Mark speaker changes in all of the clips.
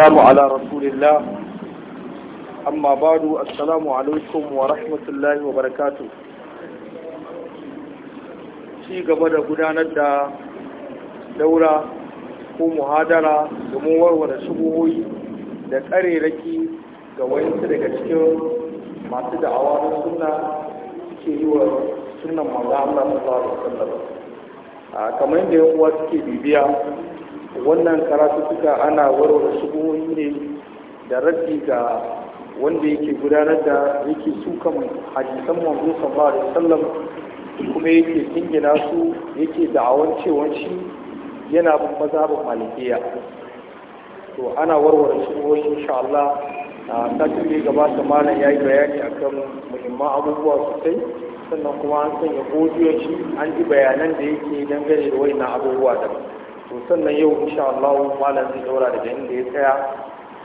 Speaker 1: السلام rasulillah رسول الله أما بعد السلام عليكم ورحمة الله وبركاته ci gaba da gudanar da daura ko muhadara domin warware shubuhoyi da tsareraki ga wayansu daga cikin masu da'awa na suna ke yi wa sunan maza Allah sallallahu alaihi wasallam kamar yadda yan uwa suke bibiya wannan karatu suka ana warware shubuhoyi ne da raddi ga wanda yake gudanar da yake sukan hadisan manzo sallallahu alaihi kuma yake dingina su yake da'awar cewa shi yana bin mazhabin malikiya to ana warware shubuhoyi insha Allah a satin ne gaba ta malam ya yi bayani akan muhimman abubuwa sosai sannan kuma an sanya godiyoci an ji bayanan da yake dangane da wayannan abubuwa daban to sannan yau insha Allah malam zai daura daga inda ya tsaya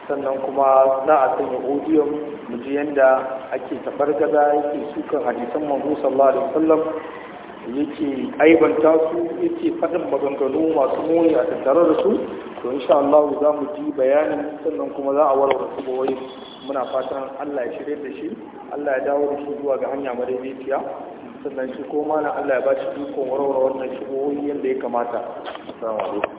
Speaker 1: sannan kuma za a sanya odiyon mu ji yanda ake tabargaza yake sukan hadisan manzo sallallahu alaihi wasallam yake aibanta su yake faɗin maganganu masu muni a tattare da su to insha Allah za mu ji bayanin sannan kuma za a warware su muna fatan Allah ya shirye da shi Allah ya dawo da shi zuwa ga hanya madaidaiciya sannan shi ko na Allah ya ba shi duk warware wannan wani yadda ya kamata assalamu alaikum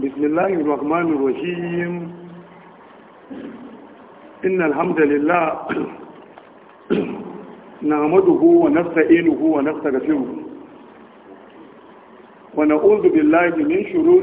Speaker 2: بسم الله الرحمن الرحيم إن نعمده ونستعينه ونستغفره ونعوذ بالله من شرور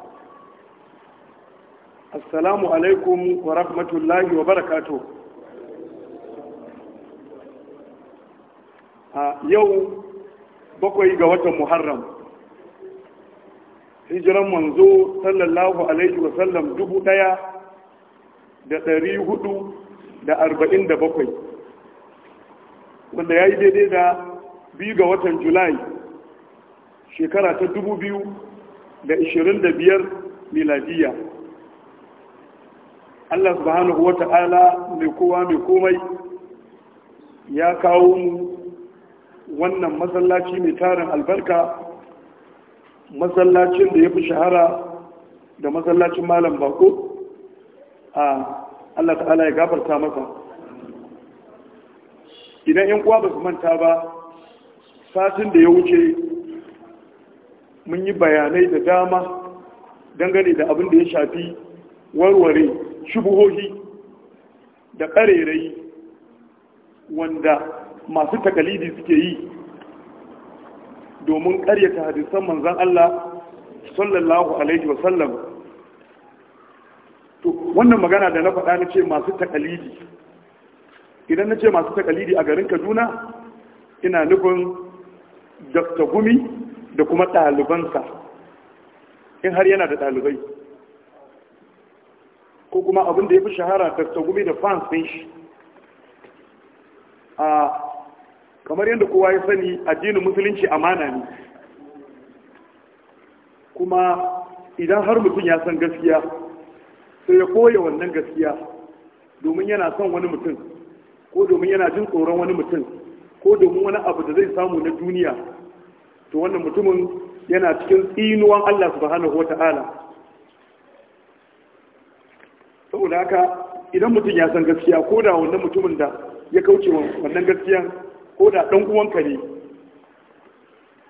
Speaker 2: assalamu alaikum wa rahmatullahi wa barakatu a yau bakwai ga watan muharram hijiran manzo sallallahu alaihi wa sallam dubu daya da dari hudu da arba'in da bakwai wanda ya yi daidai da biyu ga watan julai shekara ta dubu biyu da ishirin da biyar miladiyya Allah subhanahu wa ta'ala mai kowa mai komai ya kawo mu wannan masallaci mai tarin albarka masallacin da ya fi shahara da masallacin malam bako a Allah ta'ala ya gafarta masa idan yan kuwa ba su manta ba satin da ya wuce mun yi bayanai da dama dangane da abin da ya shafi warware shubuhohi da ƙarerai wanda masu takalidi suke yi domin ƙaryata hadisan manzan Allah sallallahu alaihi wasallam to wannan magana da na faɗa na ce masu takalidi idan na ce masu takalidi a garin kaduna ina nufin dr gumi da kuma ɗalibansa in har yana da ɗalibai ko kuma abin da ya fi shahara dr gumi da fans ɗin shi a kamar yadda kowa ya sani addinin musulunci amana ne kuma idan har mutum ya san gaskiya sai ya koya wannan gaskiya domin yana son wani mutum ko domin yana jin tsoron wani mutum ko domin wani abu da zai samu na duniya to wannan mutumin yana cikin tsinuwan Allah subhanahu ta'ala. saboda haka idan mutum ya san gaskiya ko da wannan mutumin da ya kauce wannan gaskiya ko da ɗan uwanka ne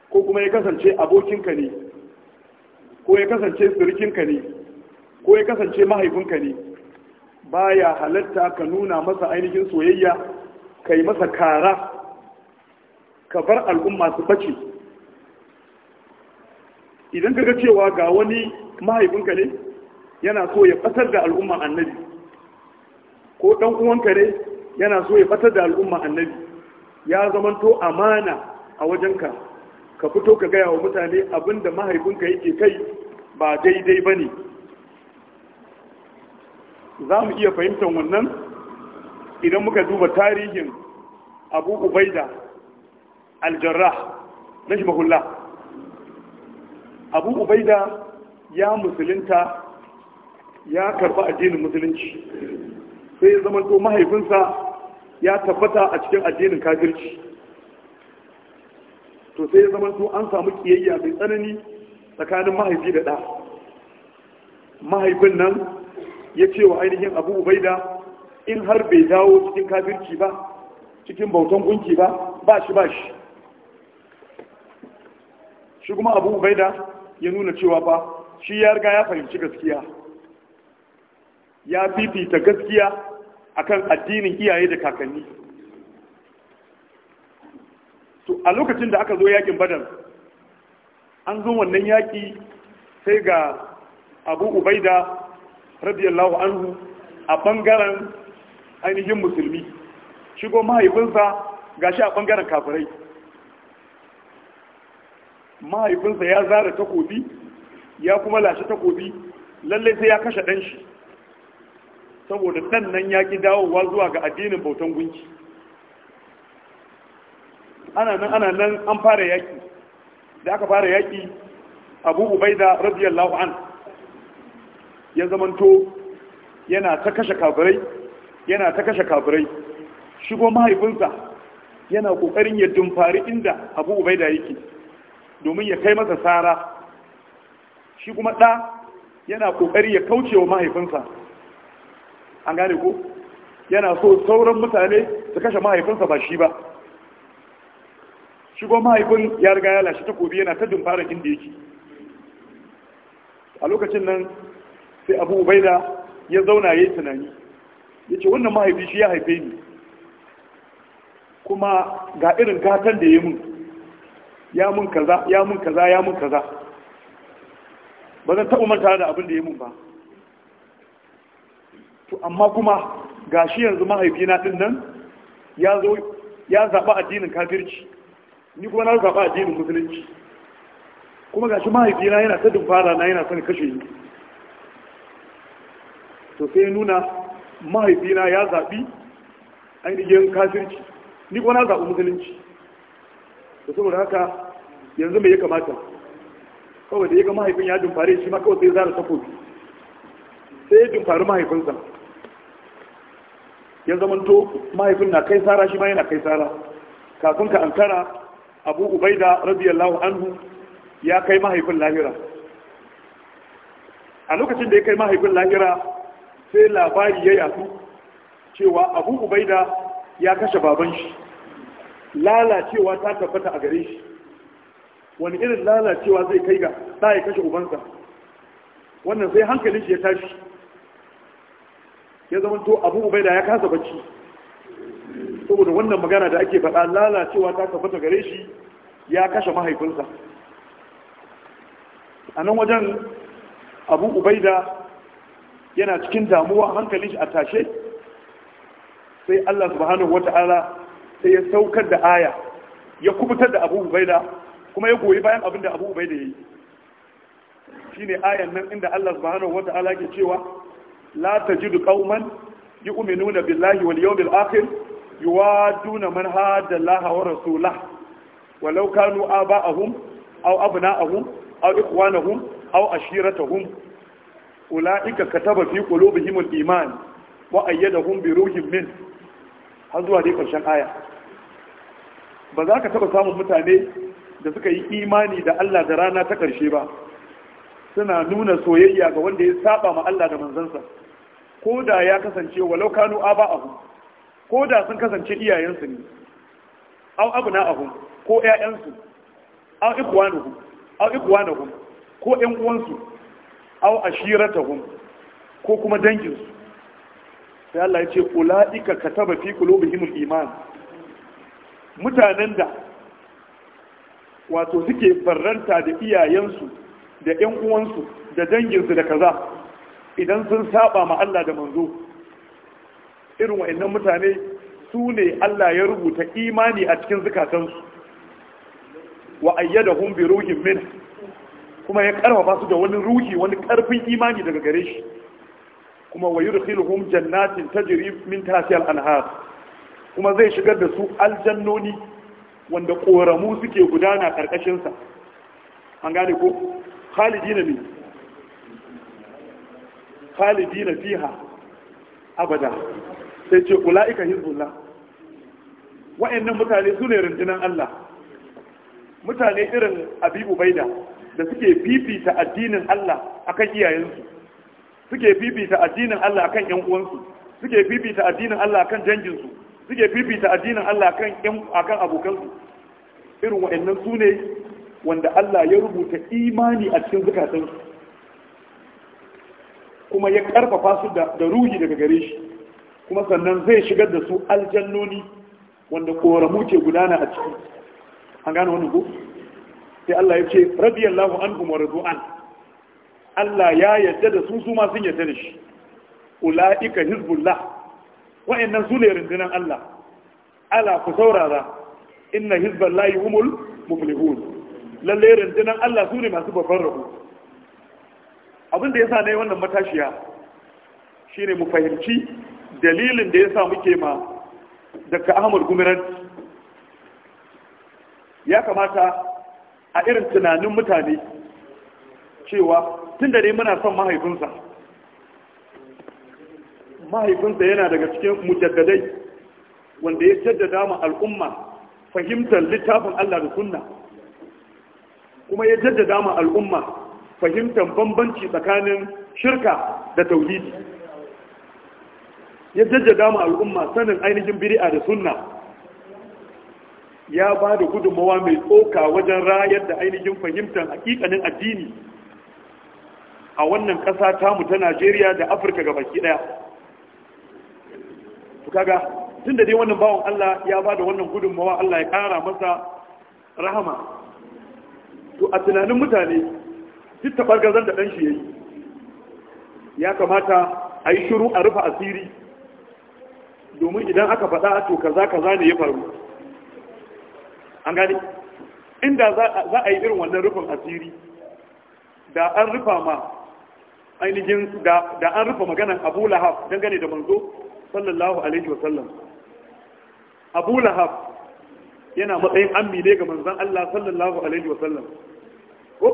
Speaker 2: ko kuma ya kasance abokinka ne ko ya kasance sirikinka ne ko ya kasance mahaifinka ne baya halatta ka nuna masa ainihin soyayya ka yi masa kara ka bar al'umma su bace idan ka ga cewa ga wani mahaifinka ne yana so ya fatar da al'umma annabi ko dan uwanka ne yana so ya fatar da al'umma annabi ya zamanto amana a wajenka ka fito ka gaya wa mutane abinda mahaifinka yake kai ba daidai ba ne za mu iya fahimtar wannan idan muka duba tarihin abu ubaida aljarrah na shimahullah abu ubaida ya musulunta ya karba addinin musulunci sai ya zama to mahaifinsa ya tabbata a cikin addinin kafirci to sai ya zama to an samu kiyayya mai tsanani tsakanin mahaifi da ɗa mahaifin nan ya ce wa ainihin abu ubaida in har bai dawo cikin kafirci ba cikin bautan gunki ba ba shi ba shi shi kuma abu ubaida ya nuna cewa ba shi ya riga ya fahimci gaskiya ya fifita gaskiya akan addinin iyaye da kakanni to a lokacin da aka zo yakin badar an zo wannan yaki sai ga abu ubaida radiyallahu anhu a bangaren ainihin musulmi shigo mahaifinsa ga shi a bangaren kafirai mahaifinsa ya zara takobi ya kuma lashe takobi lallai sai ya kashe ɗanshi saboda ɗan nan ya ƙi dawowa zuwa ga addinin bautan gunki ana nan ana nan an fara yaƙi da aka fara yaƙi abu ubaida radiyallahu an ya zamanto yana ta kashe kafirai yana ta kashe kafirai shigo mahaifinsa yana ƙoƙarin ya dumfari inda abu ubaida yake domin ya kai masa sara shi kuma ɗa yana ƙoƙari ya kauce wa mahaifinsa an gane ko yana so sauran mutane su kashe mahaifinsa ba shi ba shigo mahaifin ya riga ya lashe takobi yana ta dumfara inda yake a lokacin nan sai abu ubaida ya zauna ya yi tunani ya ce wannan mahaifi shi ya haife ni kuma ga irin gatan da ya mun ya mun ya mun kaza ya mun kaza ba zan taɓa manta da abin da ya mun ba to amma kuma gashi yanzu mahaifina din nan ya ya zaɓa addinin kafirci ni kuma na zaba addinin musulunci kuma gashi mahaifina yana ta dubara na yana son kashe ni to sai nuna mahaifina ya zaɓi ainihin kafirci ni kuma na zaɓi musulunci to saboda haka yanzu mai ya kamata kawai da ya ga mahaifin ya dumfare shi ma kawai sai zara takobi sai ya dumfari mahaifinsa ya zamanto mahaifin na kai tsara shi ma yana kai tsara kafin ka ankara abu ubaida radiyallahu anhu ya kai mahaifin lahira a lokacin da ya kai mahaifin lahira sai labari ya yasu cewa abu ubaida ya kashe baban shi lalacewa ta tabbata a gare shi wani irin lalacewa zai kai ga ɗa ya kashe ubansa wannan sai hankalin shi ya tashi ya zama to abu ubaida ya kasa bacci saboda wannan magana da ake faɗa lalacewa ta tabbata gare shi ya kashe mahaifinsa a nan wajen abu da yana cikin damuwa hankali shi a tashe sai allah subhanahu wata'ala sai ya saukar da aya ya kubutar da abu da kuma ya goyi bayan abin da abu da ya yi shi ne ayan nan inda allah subhanahu wata'ala ke cewa la tajidu qauman yu'minuna billahi wal yawmil akhir yuwaduna man hada Allah wa rasulahu walau kanu aba'ahum aw abna'ahum aw ikhwanahum aw ashiratahum ulaika kataba fi qulubihim al-iman wa ayyadahum bi ruhin min har zuwa dai karshen aya ba za ka taba samun mutane da suka yi imani da Allah da rana ta ƙarshe ba suna nuna soyayya ga wanda ya saba ma Allah da manzansa ko da ya kasance walau kanu aba abu ko da sun kasance iyayensu ne aw na abu ko ƴaƴansu aw ikwanuhum aw ikwanuhum ko ƴan uwansu aw ashiratahum ko kuma danginsu sai Allah ya ce ulaika kataba fi qulubihimul iman mutanen da wato suke barranta da iyayensu da yan uwansu da danginsu da kaza idan sun saba ma Allah da manzo irin wa'annan mutane su ne Allah ya rubuta imani a cikin zukatansu wa ayyadahum bi ruhin min kuma ya karfafa su da wani ruhi wani karfin imani daga gare shi kuma wa yurkhiluhum jannatin tajri min tahtiha al-anhar kuma zai shigar da su aljannoni wanda koramu suke gudana karkashin sa an gane ko khalidina min khalidina fiha abada sai ce ula'ika hizbullah wa'annan mutane su ne rundunar Allah mutane irin abibu baida da suke fifita addinin Allah akan iyayensu suke fifita addinin Allah akan yan uwansu suke fifita addinin Allah akan danginsu suke fifita addinin Allah akan akan abokansu irin wa'annan su ne wanda Allah ya rubuta imani a cikin zukatansu kuma ya karfafa su da ruhi daga gare shi kuma sannan zai shigar da su aljannoni wanda koramu ke gudana a ciki an gane wannan ko sai Allah ya ce radiyallahu an wa radu'an Allah ya yadda da su su masu yadda yarda da shi ulaika hizbullah wa'annan su ne rundunar Allah ala ku saurara inna hizballahi humul muflihun Lallai rundunar Allah su ne masu babban rabo abin da yasa ne wannan matashiya shine mu fahimci dalilin da ya sa muke ma daga Ahmad Gumiran ya kamata a irin tunanin mutane cewa tun da ne muna son mahaifinsa mahaifinsa yana daga cikin mujaddadai wanda ya jaddada ma al'umma fahimtar littafin Allah da sunna kuma ya jaddada ma al'umma fahimtar bambanci tsakanin shirka da tauhidi ya jaddada ma al'umma sanin ainihin biri'a da sunna ya ba da gudunmawa mai tsoka wajen rayar da ainihin fahimtar hakikanin addini a wannan ƙasa tamu ta najeriya da afirka gabaki daya ɗaya kaga tun da dai wannan bawan allah ya ba da wannan gudunmawa allah ya ƙara masa rahama to a tunanin mutane duk tabargazan da ɗanshi ya yi ya kamata a yi shiru a rufe asiri domin idan aka faɗa to kaza kaza ne ya faru an gani inda za a yi irin wannan rufin asiri da an rufa ma ainihin da an rufa maganan abu lahab dangane da manzo sallallahu alaihi wasallam abu lahab yana matsayin ammi ne ga manzan allah sallallahu alaihi wasallam ko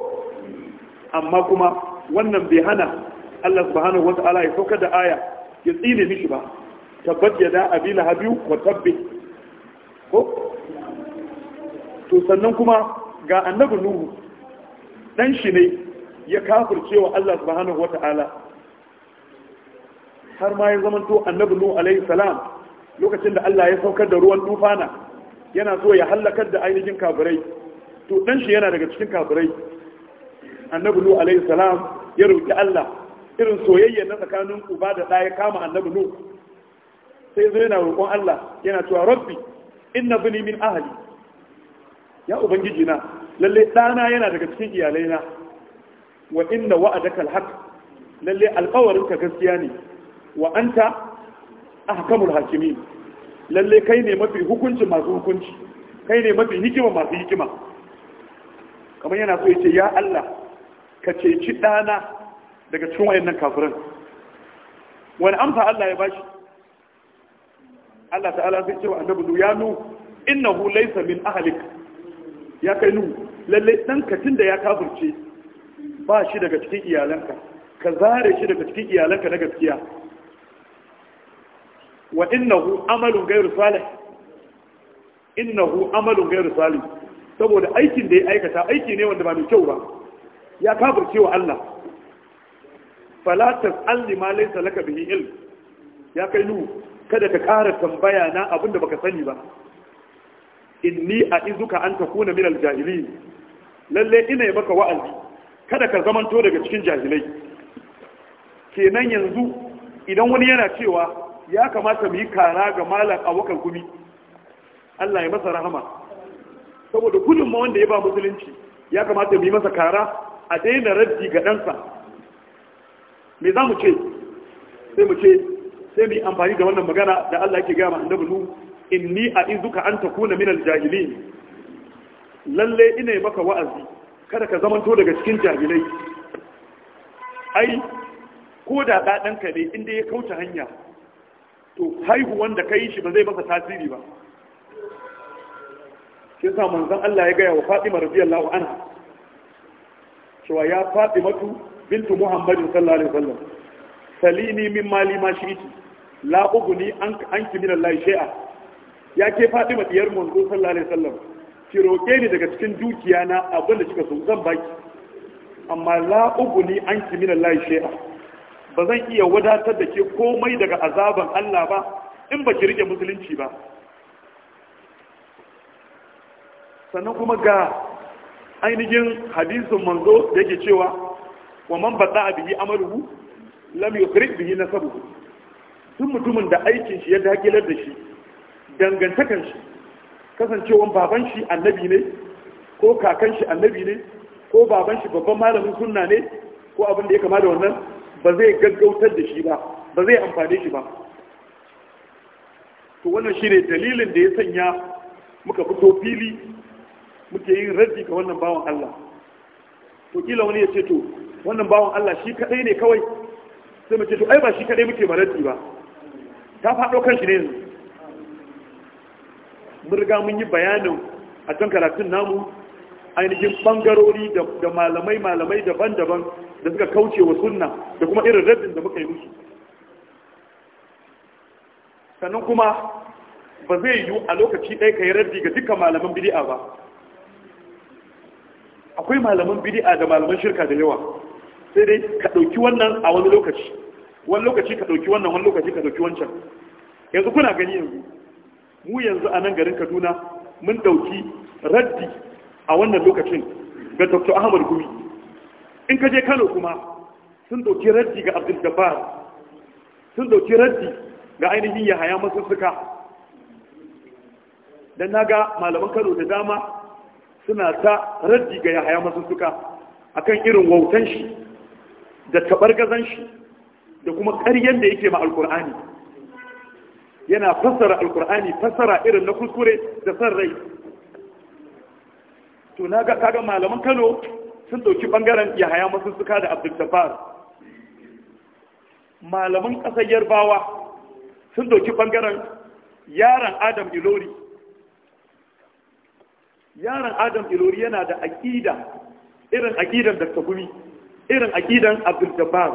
Speaker 2: amma kuma wannan bai hana Allah subhanahu wata'ala ya sauka da aya ya tsine miki ba tabbata ya da abila lahabiyu wa tabbi ko to sannan kuma ga annabi nuhu dan shi ne ya kafircewa Allah subhanahu wata'ala har ma ya zamanto annabi nuhu alaihi salam lokacin da Allah ya saukar da ruwan tufana yana so ya halakar da ainihin kafirai to dan shi yana daga cikin kafirai annabi nuhu alaihi salam ya roki Allah irin soyayya na tsakanin uba da ɗaya kama annabi nuhu sai zo yana roƙon Allah yana cewa rabbi inna bini min ahli ya ubangiji na lalle ɗana yana daga cikin iyalaina wa inna wa'adaka alhaq lalle alƙawarin ka gaskiya ne wa anta ahkamul hakimin lalle kai ne mafi hukunci masu hukunci kai ne mafi hikima masu hikima kamar yana so ya ce ya Allah ka ceci ɗana daga cikin wayannan kafirin wani amsa Allah ya bashi Allah ta'ala ce cewa annabi nu ya nu innahu laysa min ahlik ya kai nu lalle dan ka tunda ya kafirce ba shi daga cikin iyalanka ka zare shi daga cikin iyalanka na gaskiya wa innahu amalun ghayru salih innahu amalun ghayru salih saboda aikin da ya aikata aiki ne wanda ba mai kyau ba ya kafirce wa Allah fala tas'al lima laysa laka bihi ilm ya kai nu kada ka kara tambaya na abinda baka sani ba inni a izuka an takuna min aljahilin lallai lalle ina yi maka wa'azi kada ka zamanto daga cikin jahilai kenan yanzu idan wani yana cewa ya kamata mu yi kara ga malam abokan gumi Allah ya masa rahama saboda gudunma wanda ya ba musulunci ya kamata mu yi masa kara a daina raddi ga ɗansa me za mu ce sai mu ce sai mu amfani da wannan magana da Allah yake gaya inda bulu nu inni a izuka an ta kuna min jahili lalle ina yi maka wa'azi kada ka zamanto daga cikin jahilai ai ko da ɗaɗanka ne inda ya kauta hanya to haihu wanda ka yi shi ba zai masa tasiri ba kin sa manzon Allah ya gaya wa Fatima radiyallahu anha cewa ya faɗi matu bintu muhammadin sallallahu alaihi wasallam salini min mali ma shi'iti la uguni an ki min Allah shay'a ya ke faɗi ma diyar manzo sallallahu alaihi wasallam ki roke ni daga cikin dukiya na abin da kika so zan baki amma la uguni an ki min Allah shay'a ba zan iya wadatar da ke komai daga azaban Allah ba in ba ki rike musulunci ba sannan kuma ga ainihin hadisin manzo da yake cewa wa man bada bihi amaluhu lam yukhrij bihi sabu Tun mutumin da aikin shi ya dakilar da shi dangantakan shi kasancewan baban shi annabi ne ko kakan shi annabi ne ko baban shi babban malamin sunna ne ko abin da ya kama da wannan ba zai gaggautar da shi ba ba zai amfane shi ba to wannan shi ne dalilin da ya sanya muka fito fili muke yin raddi ga wannan bawan Allah to kila wani ya ce to wannan bawan Allah shi kadai ne kawai sai muke to ai ba shi kadai muke raddi ba ta faɗo kanshi ne yanzu mun riga mun yi bayanin a can karatun namu ainihin bangarori da malamai malamai daban-daban da suka kauce wa sunna da kuma irin raddin da muka yi musu sannan kuma ba zai yiwu a lokaci ɗaya ka yi raddi ga dukkan malaman bidi'a ba akwai malaman bid'a da malaman shirka da yawa sai dai ka ɗauki wannan a wani lokaci wani lokaci ka ɗauki wannan wani lokaci ka ɗauki wancan yanzu kuna gani yanzu mu yanzu a nan garin kaduna mun ɗauki raddi a wannan lokacin ga dr ahmad gumi in ka je kano kuma sun ɗauki raddi ga abdul jabbar sun ɗauki raddi ga ainihin yahaya masussuka Dan na ga malaman kano da dama suna ta raddi ga yahaya masussuka akan irin wautan shi da gazan shi da kuma ƙaryen da yake ma alkur'ani yana fassara alkur'ani fassara irin na kuskure da san rai to na ga kaga malaman Kano sun dauki bangaren Yahaya Masussuka da Abdul malaman ƙasar Yarbawa sun dauki bangaren yaron Adam Ilori yaron adam ilori yana da aƙida irin aƙidan da gumi irin aƙidan abdul jabbar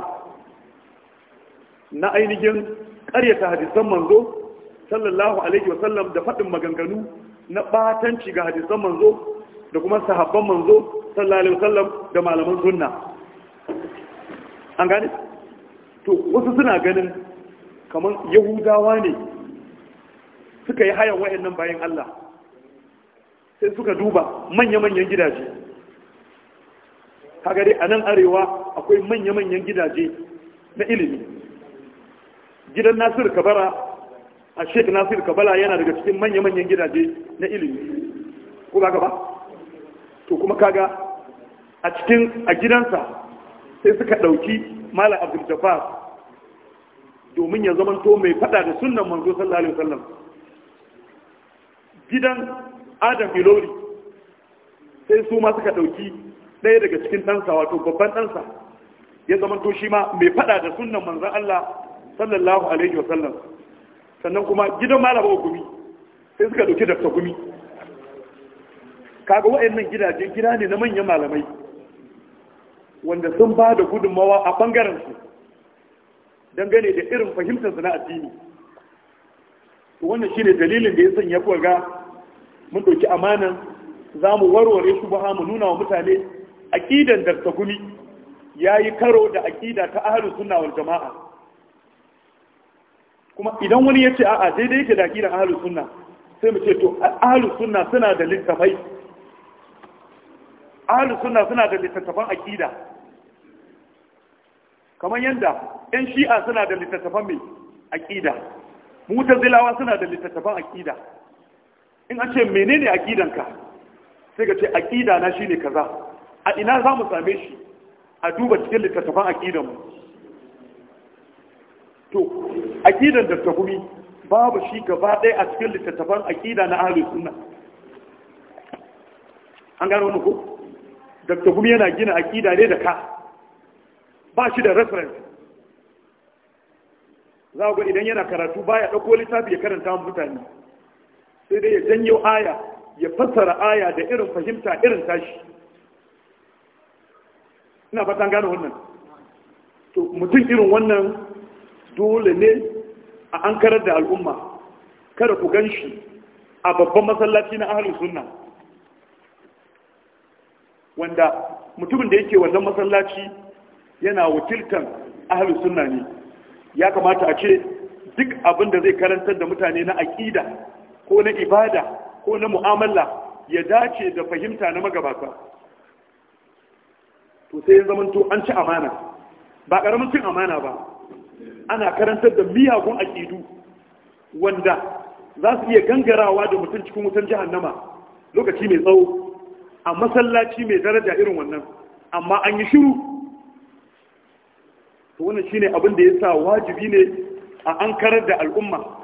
Speaker 2: na ainihin ƙaryata hadisan manzo sallallahu alaihi wasallam da faɗin maganganu na ɓatanci ga hadisan manzo da kuma sahabban manzo sallallahu alaihi wasallam da malaman sunna an gane to wasu suna ganin kamar yahudawa ne suka yi hayan wayannan bayan Allah sai suka duba manya-manyan gidaje kagare a nan arewa akwai manya-manyan gidaje na ilimi gidan nasir kabara a sheik nasir kabala yana daga cikin manya-manyan gidaje na ilimi ko ba gaba to kuma kaga a cikin a gidansa sai suka ɗauki malam abdul jafar domin ya zamanto mai fada da sunan manzo sallallahu alaihi wasallam gidan adam ilori sai su ma suka ɗauki ɗaya daga cikin ɗansa wato babban ɗansa ya zama to shi ma mai faɗa da sunan manzan Allah sallallahu alaihi wa sannan kuma gidan malama gumi sai suka ɗauki dafta gumi kaga wa'annan gidaje gida ne na manyan malamai wanda sun ba da gudunmawa a ɓangarensu, su dangane da irin fahimtarsu na addini wannan shi ne dalilin da ya sanya kuwa ga mun ɗauki amanan za mu warware su ba mu nuna wa mutane aƙidan dartagumi ya yi karo da aƙida ta ahalin sunna wal jama'a kuma idan wani ya ce a'a daidai yake da aƙidan ahalin sunna sai mu ce to ahalin sunna suna da littafai ahalin sunna suna da littattafan aƙida kamar yadda 'yan shi'a suna da littattafan mai aƙida mutazilawa suna da littattafan aƙida in an ce menene aƙidanka? sai ka ce aqida na shine kaza a ina za mu same shi a duba cikin littattafan aqidan mu to aqidan da tahumi babu shi gaba ɗaya a cikin littattafan aqida na ahlus sunna an gano ne ko da tahumi yana gina aqida ne da ka ba shi da reference za ku idan yana karatu baya ɗauko littafi ya karanta mutane sai dai ya janyo aya ya fassara aya da irin fahimta irin tashi ina fatan gane wannan to mutum irin wannan dole ne a an karar da al'umma kada ku gan shi a babban masallaci na ahalin sunna wanda mutumin da yake wannan masallaci yana wakiltar ahalin sunna ne ya kamata a ce duk abin da zai karantar da mutane na aƙida ko na ibada ko na mu'amala ya dace da fahimta na magabata to sai ya zamanto an ci amana ba ƙaramin cin amana ba ana karantar da miyagun aƙidu wanda za su iya gangarawa da mutum cikin wutan jahannama lokaci mai tsawo a masallaci mai daraja irin wannan amma an yi shiru to wannan shine abin da ya sa wajibi ne a ankarar da al'umma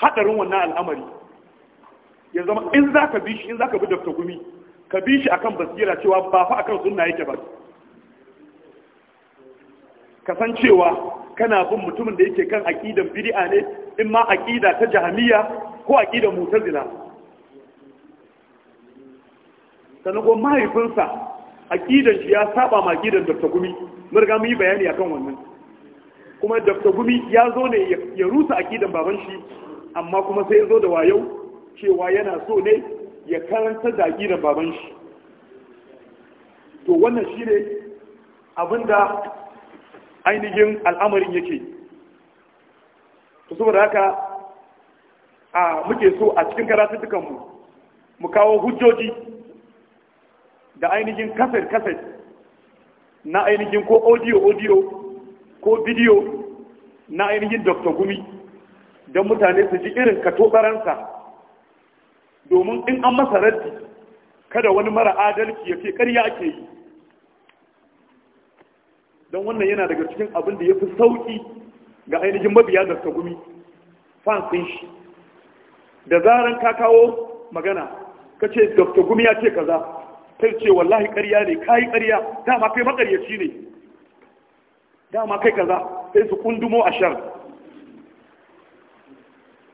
Speaker 2: haɗarin wannan al'amari ya zama in za ka bi shi in za ka bi dafta gumi ka bi shi akan basira cewa ba fa akan sunna yake ba Ka san cewa kana bin mutumin da yake kan aqidan bid'a ne in ma aqida ta jahmiya ko aqidan mu'tazila sanan ko mahaifinsa aqidan shi ya saba ma aqidan Dr. Gumi mun riga mun yi bayani akan wannan kuma Dr. Gumi ya zo ne ya rusa aqidan baban shi amma kuma sai ya zo da wayau cewa yana so ne ya karanta da baban shi to wannan shi ne abinda ainihin al'amarin yake to saboda haka a muke so a cikin karatuttukanmu mu kawo hujjoji da ainihin kasar-kasar na ainihin ko audio-audio ko bidiyo na ainihin dr gumi don mutane su ji irin katobaransa domin in an masa raddi kada wani mara adalci ya ce karya ake yi don wannan yana daga cikin abin da ya fi sauƙi ga ainihin mabiya da sagumi fansin shi da zaran ka kawo magana ka ce dokta gumi ya ce kaza kai ce wallahi ƙarya ne ka yi ƙarya dama kai makaryaci ne dama kai kaza sai su kundumo a shar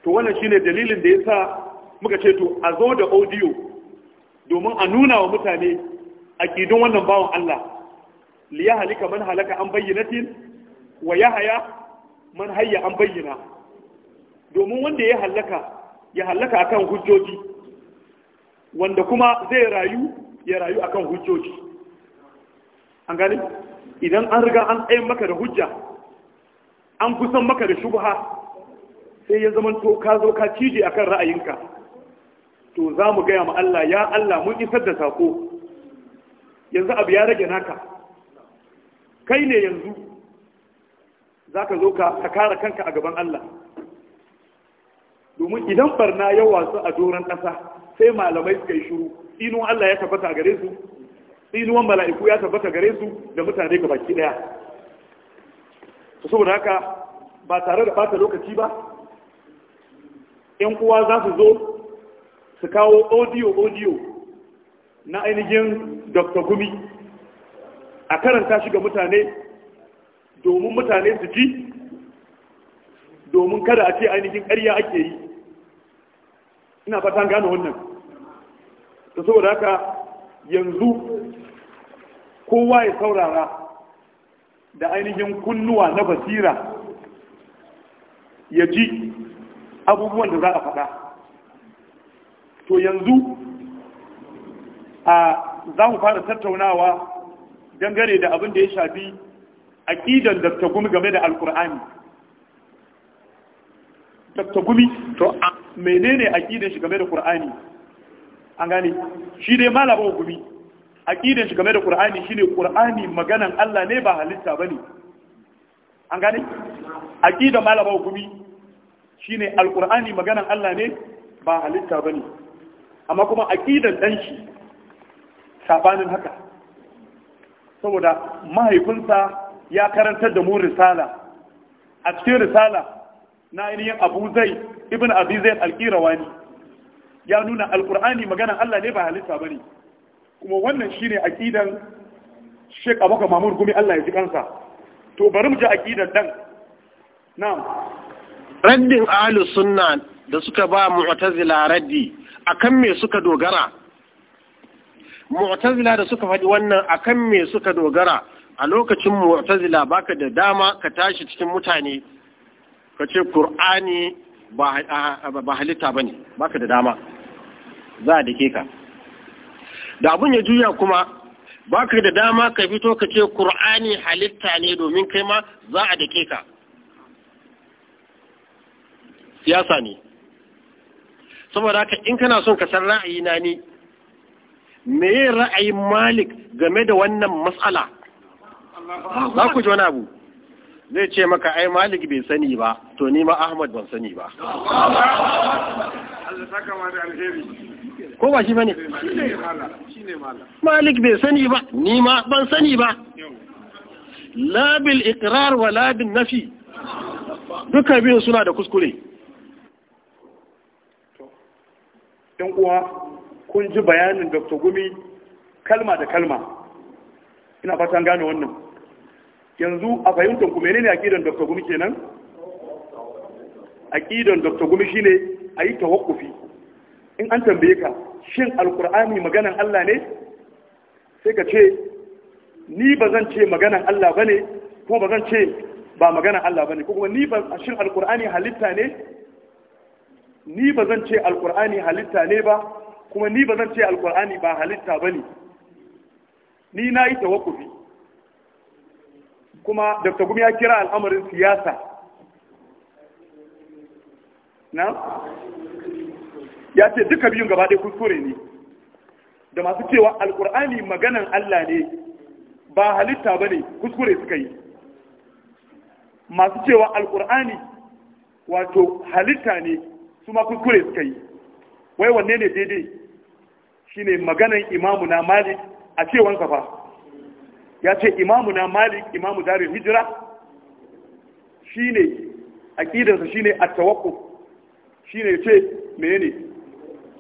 Speaker 2: to wannan shine dalilin da yasa muka ce to a zo da audio domin a nuna wa mutane aqidun wannan bawon Allah li yahlika man halaka an bayyinatin wa yahya man hayya an bayyina domin wanda ya halaka ya halaka akan hujjoji wanda kuma zai rayu ya rayu akan hujjoji an gani idan an riga an tsayin maka da hujja an kusan maka da shubha sai ya zama to ka zo ka cije akan ra'ayinka to za mu gaya ma Allah ya Allah mun isar da sako yanzu abu ya rage naka kai ne yanzu za ka zo ka kara kanka a gaban Allah domin idan barna ya wasu a doron ƙasa sai malamai suka yi shuru tsinuwan Allah ya tabbata gare su tsinuwan mala'iku ya tabbata gare su da mutane ga baki ɗaya saboda haka ba tare da bata lokaci ba 'yan uwa za su zo su kawo audio-audio na ainihin dr gumi a karanta shi ga mutane domin mutane su ji domin kada a ce ainihin ƙarya ake yi ina fatan gane wannan ta saboda haka yanzu kowa ya saurara da ainihin kunnuwa na basira ya ji abubuwan da za a faɗa to yanzu a za mu fara tattaunawa dangane da abin da ya shafi aƙidan dr gumi game da alkur'ani dr gumi to menene aƙidan shi game da kur'ani an gane shi dai malaba gumi aƙidan shi game da kur'ani shine kur'ani maganan allah ne ba halitta ba ne an gane aƙidan malaba gumi shine alqur'ani maganan Allah ne ba halitta bane amma kuma aqidan dan shi sabanin haka saboda mahaifinsa ya karantar da mu risala a cikin risala na ainihin abu zai ibn abi zai alkirawani ya nuna alkur'ani magana Allah ne ba halitta ba kuma wannan shine ne aƙidan shek abokan mamur gumi Allah ya ji kansa to bari mu ji aƙidan dan na'am
Speaker 3: raddin ahli sunna da suka ba mu'tazila raddi akan me suka dogara mu'tazila da suka faɗi wannan akan me suka dogara a lokacin mu'tazila baka da dama ka tashi cikin mutane ka ce qur'ani ba halitta bane baka da dama za a dake ka da abun ya juya kuma baka da dama ka fito ka ce qur'ani halitta ne domin kai ma za a dake ka siyasa ne saboda haka in kana son kasar ra'ayi na me meye ra'ayin malik game da wannan matsala za ku ji wani abu zai ce maka ai malik bai sani ba to ni ma ahmad ban sani ba ko ba shi ba ne malik bai sani ba ni ma ban sani ba labil ikrar wa labil nafi
Speaker 1: duka
Speaker 2: biyun suna da kuskure yan uwa kun ji bayanin dr gumi kalma da kalma ina fatan gane wannan yanzu a fahimtar ku menene ƙidan dr gumi kenan ƙidan dr gumi shine a yi tawakkufi in an tambaye ka shin alkur'ani maganan allah ne sai ka ce ni ba zan ce maganan allah ba ne kuma ba zan ce ba maganan allah ba ne kuma ni ba shin alkur'ani halitta ne ni ba zan ce alkur'ani halitta ne ba kuma ni ba zan ce alkur'ani ba halitta ba ne ni na yi tawakufi kuma dr gumi ya kira al'amarin siyasa na ya ce duka biyun gaba ɗaya kuskure ne da masu cewa alkur'ani maganan allah ne ba halitta ba ne kuskure suka yi masu cewa alkur'ani wato halitta ne su ma kuskure suka yi wai wanne ne daidai shine maganan imamu na malik a cewansa fa ya ce imamu na malik imamu darin hijira shine aqidarsa shine at Shi shine ce menene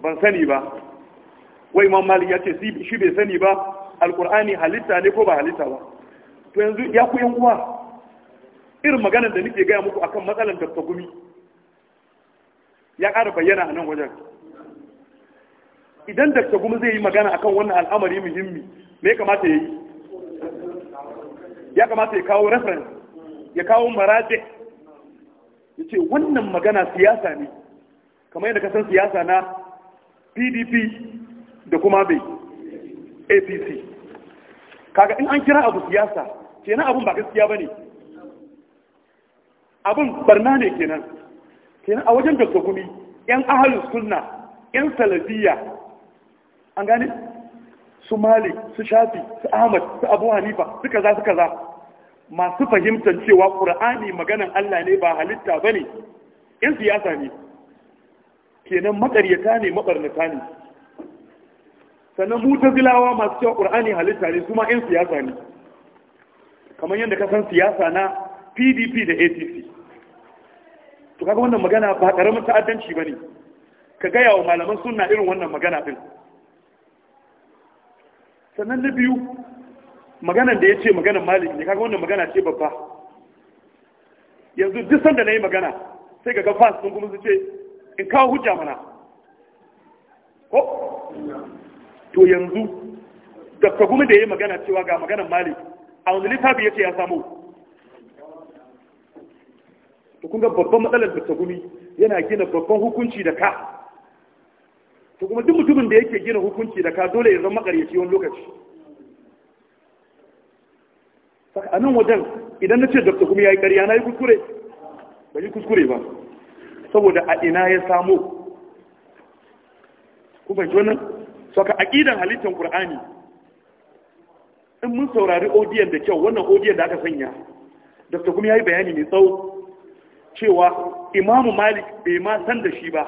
Speaker 2: ban sani ba wai imam malik ya ce shi bai sani ba Alƙur'ani halitta ne ko ba halitta ba to yanzu ya ku yan uwa irin maganar da nake gaya muku akan matsalar da gumi ya ƙara bayyana a nan wajen idan dakta kuma zai yi magana akan wannan al'amari muhimmi me ya kamata ya yi ya kamata ya kawo reference ya kawo maraje ya ce wannan magana siyasa ne kamar yadda san siyasa na pdp da kuma bai apc kaga in an kira abu siyasa kenan abun ba gaskiya ba ne abun barna ne kenan kenan a wajen dr gumi yan ahalus sunna yan salafiya an gane su Mali, su shafi su ahmad su abu hanifa su kaza su kaza masu fahimtar cewa ƙur'ani maganan allah ne ba halitta ba ne yan siyasa ne kenan makaryata ne mabarnata ne sannan mutazilawa masu cewa ƙur'ani halitta ne su ma yan siyasa ne kamar yadda ka san siyasa na pdp da apc to kaga wannan magana ba karamin ta'addanci bane ka gaya wa malaman sunna irin wannan magana din sannan na biyu maganan da ya ce maganan maliki ne kaga wannan magana ce babba yanzu duk sanda na yi magana sai ga gafas sun kuma su ce in kawo hujja mana ko to yanzu da kuma da ya yi magana cewa ga maganan maliki a wani littafi ya ce ya samu to kun ga babban matsalar tattagumi yana gina babban hukunci da ka to kuma duk mutumin da yake gina hukunci da ka dole ya zama makaryaci wani lokaci a nan wajen idan na ce tattagumi ya yi karya na yi kuskure ba yi kuskure ba saboda a ina ya samo ku fahimci wannan saka aqidan halittar qur'ani in mun saurari odiyon da kyau wannan odiyon da aka sanya dr ya yi bayani mai tsawo cewa imamu malik bai ma san da shi ba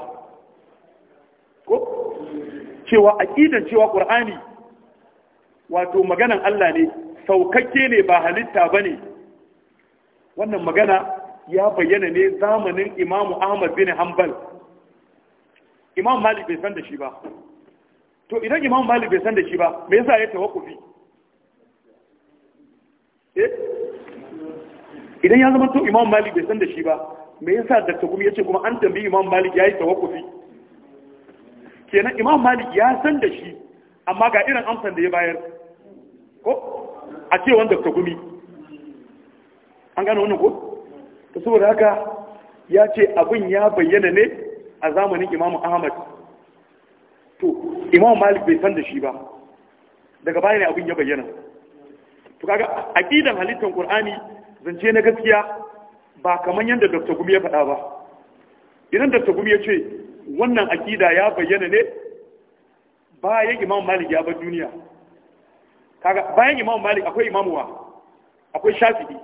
Speaker 2: ko cewa aqidan cewa qur'ani wato maganan Allah ne saukakke ne ba halitta bane wannan magana ya bayyana ne zamanin imamu ahmad bin hanbal imam malik bai san da shi ba to idan imam malik bai san da shi ba me yasa ya tawakkufi eh idan ya zama to imam malik bai san da shi ba me yasa da tagumi yace kuma an tambayi imam malik yayi tawakkufi kenan imam malik ya san da shi amma ga irin amsan da ya bayar ko a ce wanda tagumi an gano wannan ko to saboda haka ya ce abin ya bayyana ne a zamanin imam ahmad to imam malik bai san da shi ba daga baya ne abin ya bayyana to kaga aqidan halittar qur'ani zance na gaskiya ba kamar yadda dr gumi ya faɗa ba idan dr gumi ya ce wannan akida ya bayyana ne bayan imam malik ya bar duniya bayan imam malik akwai imamu wa akwai shafi'i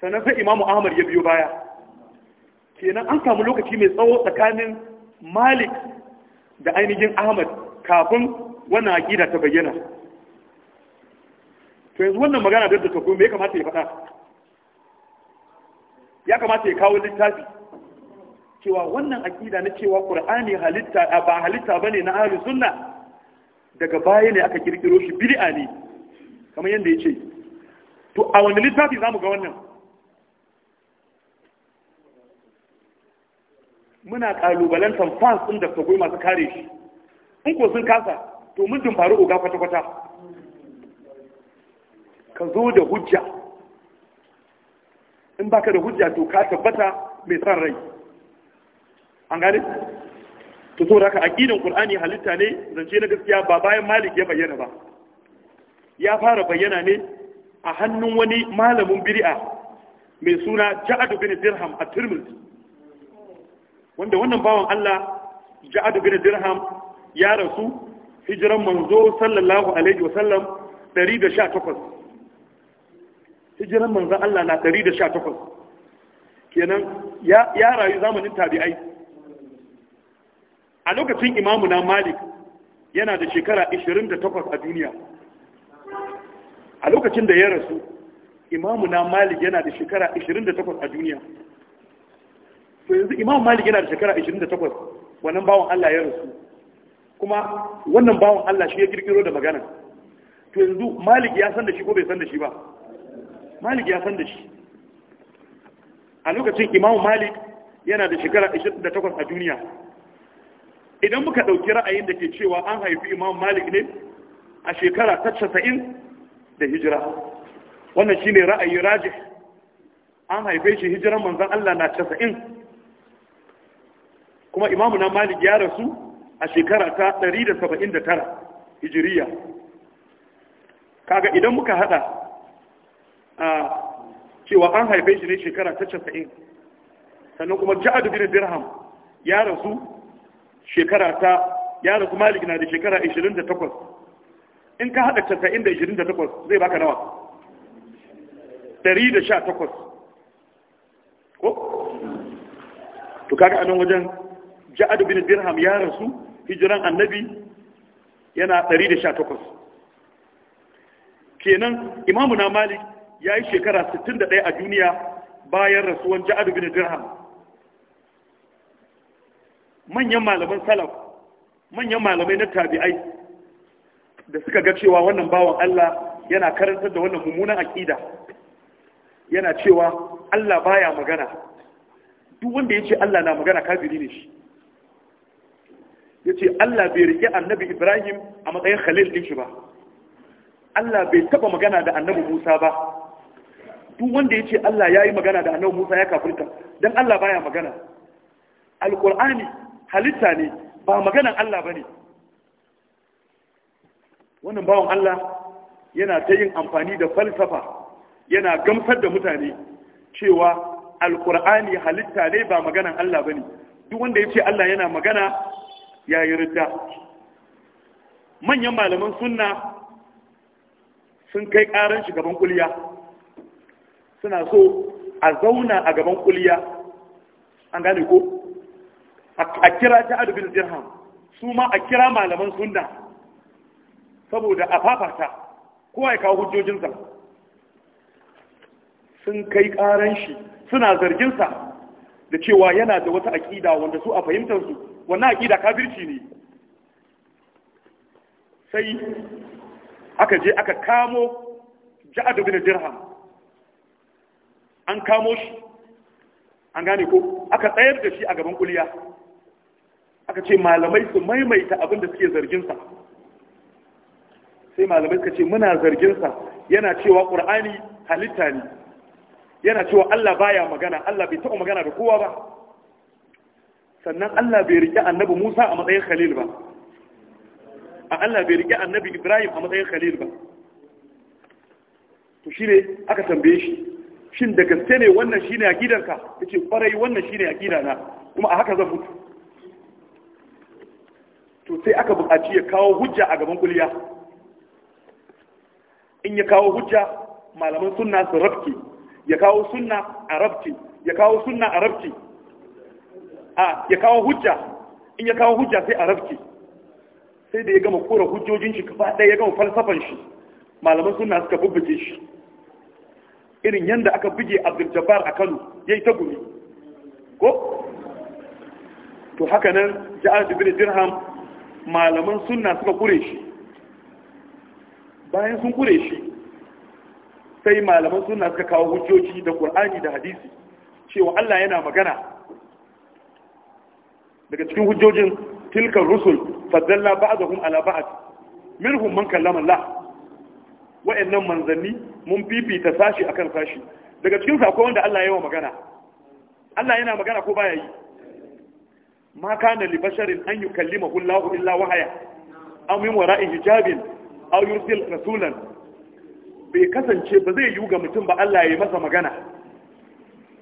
Speaker 2: sannan sai imamu ahmad ya biyo baya kenan an samu lokaci mai tsawo tsakanin malik da ainihin ahmad kafin wannan akida ta bayyana to yanzu wannan magana da dr gumi ya kamata ya faɗa ya kamata ya kawo littafi cewa wannan akida na cewa qur'ani halitta ba halitta bane na ahlus sunna daga baya ne aka kirkiro shi bid'a ne kamar yanda yace to a wani littafi zamu ga wannan muna kalubalantar fans din da kagoi masu kare shi in ko sun kasa to mun faru oga kwata-kwata ka zo da hujja in ba ka da hujja to ka tabbata mai san rai an gane to so ka aqidan qur'ani halitta ne zance na gaskiya ba bayan malik ya bayyana ba ya fara bayyana ne a hannun wani malamin bid'a mai suna ja'ad bin dirham at-tirmidhi wanda wannan bawan Allah ja'ad bin dirham ya rasu hijiran manzo sallallahu alaihi wasallam 118 hijiran manzan Allah na 118 kenan ya rayu zamanin tabi'ai a lokacin imamu na malik yana da shekara 28 a duniya a lokacin da ya rasu imamu na malik yana da shekara 28 a duniya to yanzu imamu malik yana da shekara 28 wannan bawon Allah ya rasu kuma wannan bawon Allah shi ya kirkiro da magana to yanzu malik ya san da shi ko bai san da shi ba malik ya san da shi a lokacin imamu malik yana da shekara 28 a duniya idan muka ɗauki ra'ayin da ke cewa an haifi imamu malik ne a shekara 90 da hijira wannan shine ra'ayi rajih an haife shi hijiran manzan Allah na 90 kuma imamu na malik ya rasu a shekara ta 179 hijiriya kaga idan muka hada cewa an haife shi ne shekara ta casa'in sannan kuma ja'ad bin dirham ya rasu shekara ta ya rasu malik na da shekara 28 in ka hada casa'in da 28 zai baka nawa 118 ko to kaga anan wajen ja'ad bin dirham ya rasu hijiran annabi yana 118 kenan imamu na malik ya yi shekara 61 a duniya bayan rasuwan ja'ad bin dirham manyan malaman salaf manyan malamai na tabi'ai da suka ga cewa wannan bawan Allah yana karantar da wannan mummunan aƙida yana cewa Allah baya magana duk wanda ya ce Allah na magana kafiri ne shi yace Allah bai rike annabi Ibrahim a matsayin khalil ɗin shi ba Allah bai taba magana da annabi Musa ba duk wanda ya ce Allah ya yi magana da annabi Musa ya kafirta don Allah baya magana alqur'ani halitta ne ba maganan Allah ba wannan bawan Allah yana ta yin amfani da falsafa yana gamsar da mutane cewa alqur'ani halitta ne ba maganan Allah bane duk wanda ya ce Allah yana magana ya yi ridda manyan malaman sunna sun kai ƙaran shugaban kuliya suna so a zauna a gaban kuliya an gane ko a kira ta bin dirham su ma a kira malaman sunna saboda a fafata ko ya kawo hujjojinsa sun kai karan shi suna zarginsa da cewa yana da wata aƙida wanda su a su wannan aƙida kafirci ne sai aka je aka kamo ja'adu bin dirham an kamo shi an gane ko aka tsayar da shi a gaban kuliya aka ce malamai su maimaita abin da suke zarginsa sai malamai suka ce muna zarginsa yana cewa ƙur'ani halitta ne yana cewa Allah baya magana Allah bai taɓa magana da kowa ba sannan Allah bai riƙe annabi Musa a matsayin Khalil ba a Allah bai riƙe annabi Ibrahim a matsayin Khalil ba to shine aka tambaye shi shin da gaske ne wannan shine aqidanka yace kwarai wannan shine aqida kuma a haka zan mutu to sai aka buƙaci ya kawo hujja a gaban kuliya in ya kawo hujja malaman sunna su rabki ya kawo sunna a rabki ya kawo sunna a rabki a ya kawo hujja in ya kawo hujja sai a rabki sai da ya gama kora hujjojin shi kafa ɗaya ya gama falsafan shi malaman sunna suka bubbuce shi irin yadda aka buge abdul jabbar a kano ya yi ta gumi ko to haka nan ja'ad ibn dirham malaman sunna suka kure shi bayan sun kure shi sai malaman sunna suka kawo hujjoji da qur'ani da hadisi cewa Allah yana magana daga cikin hujjojin tilkar rusul fadalla ba'dahum ala ba'd minhum man kallama Allah wa'annan manzanni mun fifita sashi akan sashi daga cikin sako wanda Allah wa magana Allah yana magana ko baya yi ma kana li basharin an yukallimahu Allahu illa wahaya aw min wara'i hijabin aw yursil rasulan bai kasance ba zai yi ga mutum ba Allah ya yi masa magana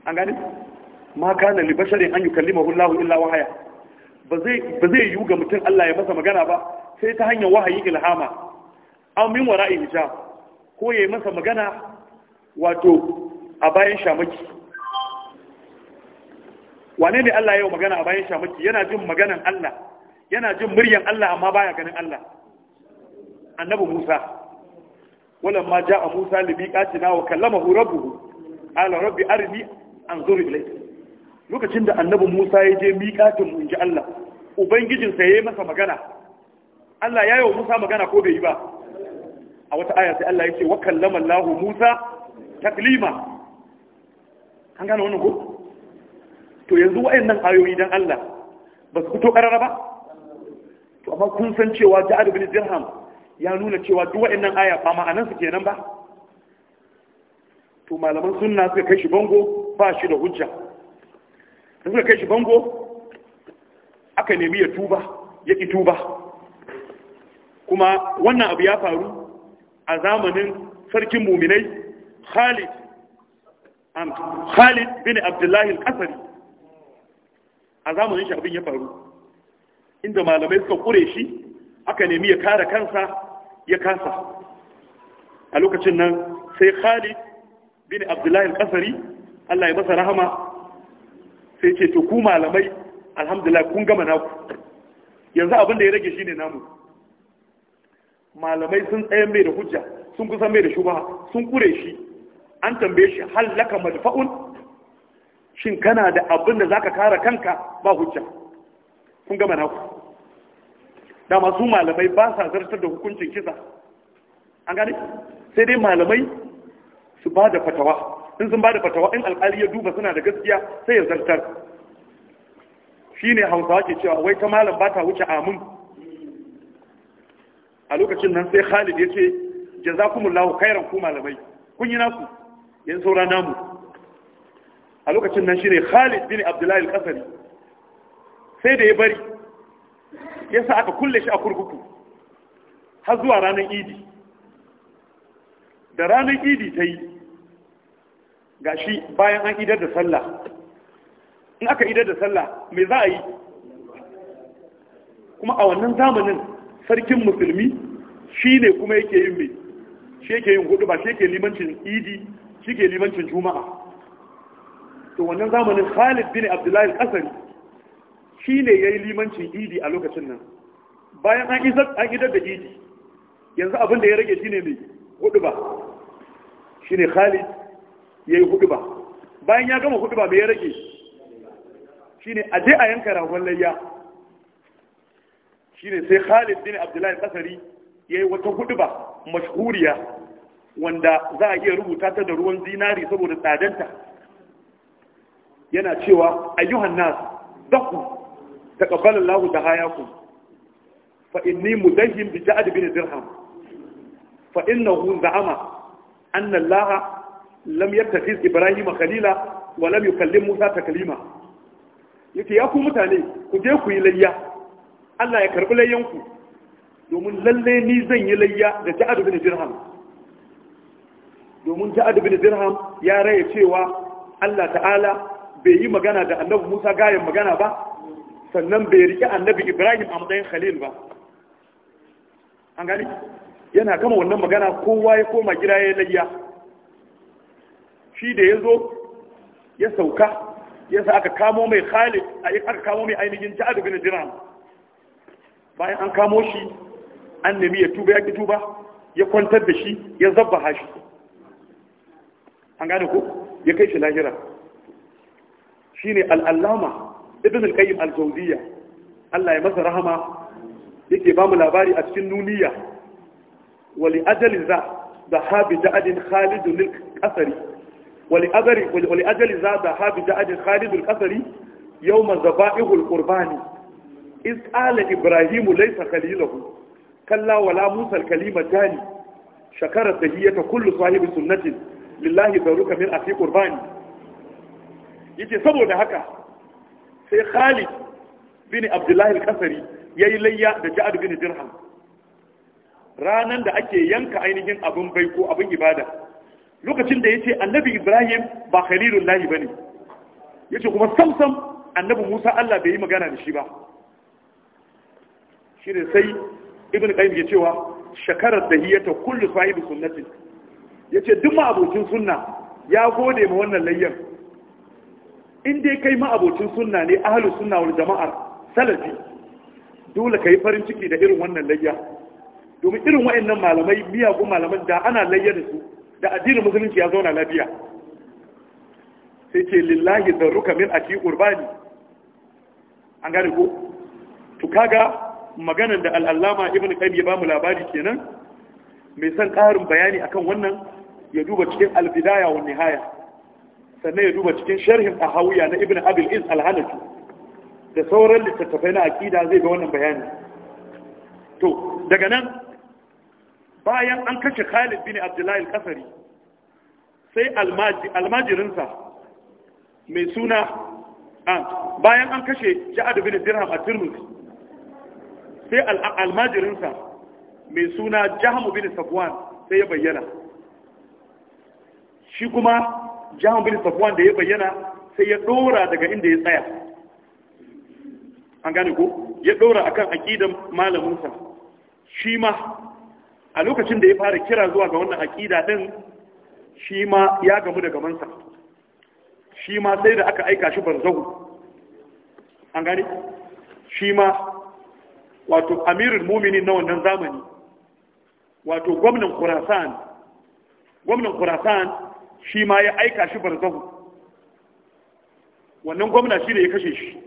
Speaker 2: an gani ma kana li basharin an yukallimahu Allahu illa wahaya ba zai ba zai yi ga mutum Allah ya masa magana ba sai ta hanyar wahayi ilhama aw min wara'i hijab ko ya yi masa magana wato a bayan shamaki wane ne Allah yau magana a bayan shamaki yana jin maganan Allah yana jin muryan Allah amma baya ganin Allah annabi Musa walan ma ja'a Musa na wa kallamahu rabbuhu ala rabbi arni anzur ilay lokacin da annabi Musa ya je miqatin mu inji Allah ubangijin sa yayi masa magana Allah ya yi wa Musa magana ko bai yi ba a wata aya sai Allah ya ce wa kallama Allah Musa taklima an gane wannan ko to yanzu wayannan ayoyi dan Allah ba su fito karara ba to amma kun san cewa Ja'ad bin Dirham ya nuna cewa duk wayannan aya ba ma'anan su kenan ba to malaman sunna suka kai shi bango ba shi da hujja suka kai shi bango aka nemi ya tuba ya ki tuba kuma wannan abu ya faru a zamanin sarkin muminai Khalid Khalid bin Abdullahi al-Qasari a zamanin shi abin ya faru inda malamai suka kure shi aka nemi ya kare kansa ya kasa a lokacin nan sai Khalid bin Abdullahi al-Qasari Allah ya masa rahama sai ce to ku malamai alhamdulillah kun gama naku yanzu abin da ya rage shi ne namu malamai sun tsaye mai da hujja sun kusan mai da shuba sun kure shi an tambaye shi hal laka madfa'un shin kana da abin da zaka kara kanka ba hujja kun gama naku da masu malamai ba sa zartar da hukuncin kisa an gane sai dai malamai su ba da fatawa in sun ba da fatawa in alƙali ya duba suna da gaskiya sai ya zartar Shi ne hausawa ke cewa wai ta malam ba ta wuce amin a lokacin nan sai Khalid ya ce jazakumullahu khairan ku malamai kun yi naku yan saura namu a lokacin nan shine Khalid bin Abdullahi al-Qasari sai da ya bari Ya sa aka kulle shi a kurkuku har zuwa ranar Idi da ranar Idi ta yi gashi bayan an idar da sallah in aka idar da sallah me za a yi kuma a wannan zamanin sarkin musulmi shi ne kuma yake yin mai shi yake yin hudu ba shi yake limancin idi shi ke limancin juma'a to wannan zamanin khalid bin abdullahi al-asari shi ne ya yi limancin idi a lokacin nan bayan an idar da idi yanzu abin da ya rage shi ne mai hudu ba shi ne khalid ya yi hudu ba bayan ya gama hudu ba mai ya rage shi ne a je a yanka ragon layya shine sai Khalid bin Abdullahi ya yayi wata huduba mashhuriya wanda za a iya rubuta ta da ruwan zinari saboda tsadanta yana cewa ayyuhan nas daku taqabbal Allah da hayaku fa inni mudahhim bi ja'd bin dirham fa innahu za'ama anna Allah lam yattakhiz Ibrahim khalila wa lam yukallim Musa taklima yake ya ku mutane ku je ku yi layya Allah ya karɓi layyanku domin lalle ni zan yi layya da ja'ad bin dirham domin ja'ad bin dirham ya raye cewa Allah ta'ala bai yi magana da annabi Musa gayan magana ba sannan bai riƙe annabi Ibrahim a matsayin Khalil ba an gani yana kama wannan magana kowa ya koma gida ya layya shi da ya zo ya sauka yasa aka kamo mai Khalid aka kamo mai ainihin Ja'ad bin Dirham bayan an kamo shi an nemi ya tuba ya ƙi tuba ya kwantar da shi ya zabba shi an gane ko ya kai shi lahira shine al'allama ibn al-qayyim al-jawziyya Allah ya masa rahama yake ba mu labari a cikin nuniya wali ajalin za da habi da'adin khalidul qasari wali ajalin za da habi da'adin khalidul qasari yawma zaba'ihul qurbani iz qala ibrahimu laysa khalilahu kalla wala musa kalimatani shakara tahiyata kullu sahibi sunnati lillahi baruka min afi qurbani yace saboda haka sai Khalid bin Abdullahi al-Kasari yayi layya da Ja'ad bin Dirham ranan da ake yanka ainihin abin bai ko abin ibada lokacin da yace Annabi Ibrahim ba Khalilullahi bane yace kuma samsam Annabi Musa Allah bai yi magana da shi ba shine sai ibn qayyim ya cewa shakarar da ta kullu sahibi sunnati yace duk ma abokin sunna ya gode ma wannan layyan in dai kai ma abokin sunna ne ahlus sunna wal jama'ar salafi dole kai farin ciki da irin wannan layya domin irin wayannan malamai miyagun malaman da ana layya da su da addinin musulunci ya zauna lafiya sai ce lillahi zarruka min aki qurbani an gane ko to kaga maganan da al'allama ibn qayyim ya mu labari kenan mai son ƙarin bayani akan wannan ya duba cikin al-bidaya wa nihaya sannan ya duba cikin sharhin a Hauya na ibn abil iz al-hanafi da sauran littattafai na aqida zai ga wannan bayani to daga nan bayan an kashe Khalid bin Abdullahi al-Kasari sai almajirinsa mai suna bayan an kashe Ja'ad bin Dirham a Tirmidhi sai almajirinsa mai suna jahamu bin sabuwan sai ya bayyana shi kuma jahamu bin sabuwan da ya bayyana sai ya dora daga inda ya tsaya an gane ko ya dora akan aqidan malaminsa shi ma a lokacin da ya fara kira zuwa ga wannan aqida din shi ma ya gamu da gamansa shi ma sai da aka aika shi barzahu an gane shi ma wato amirul muminin na wannan zamani wato gwamnan kurasan gwamnan kurasan shi ma ya aika shi barzahu wannan gwamna shi ne ya kashe shi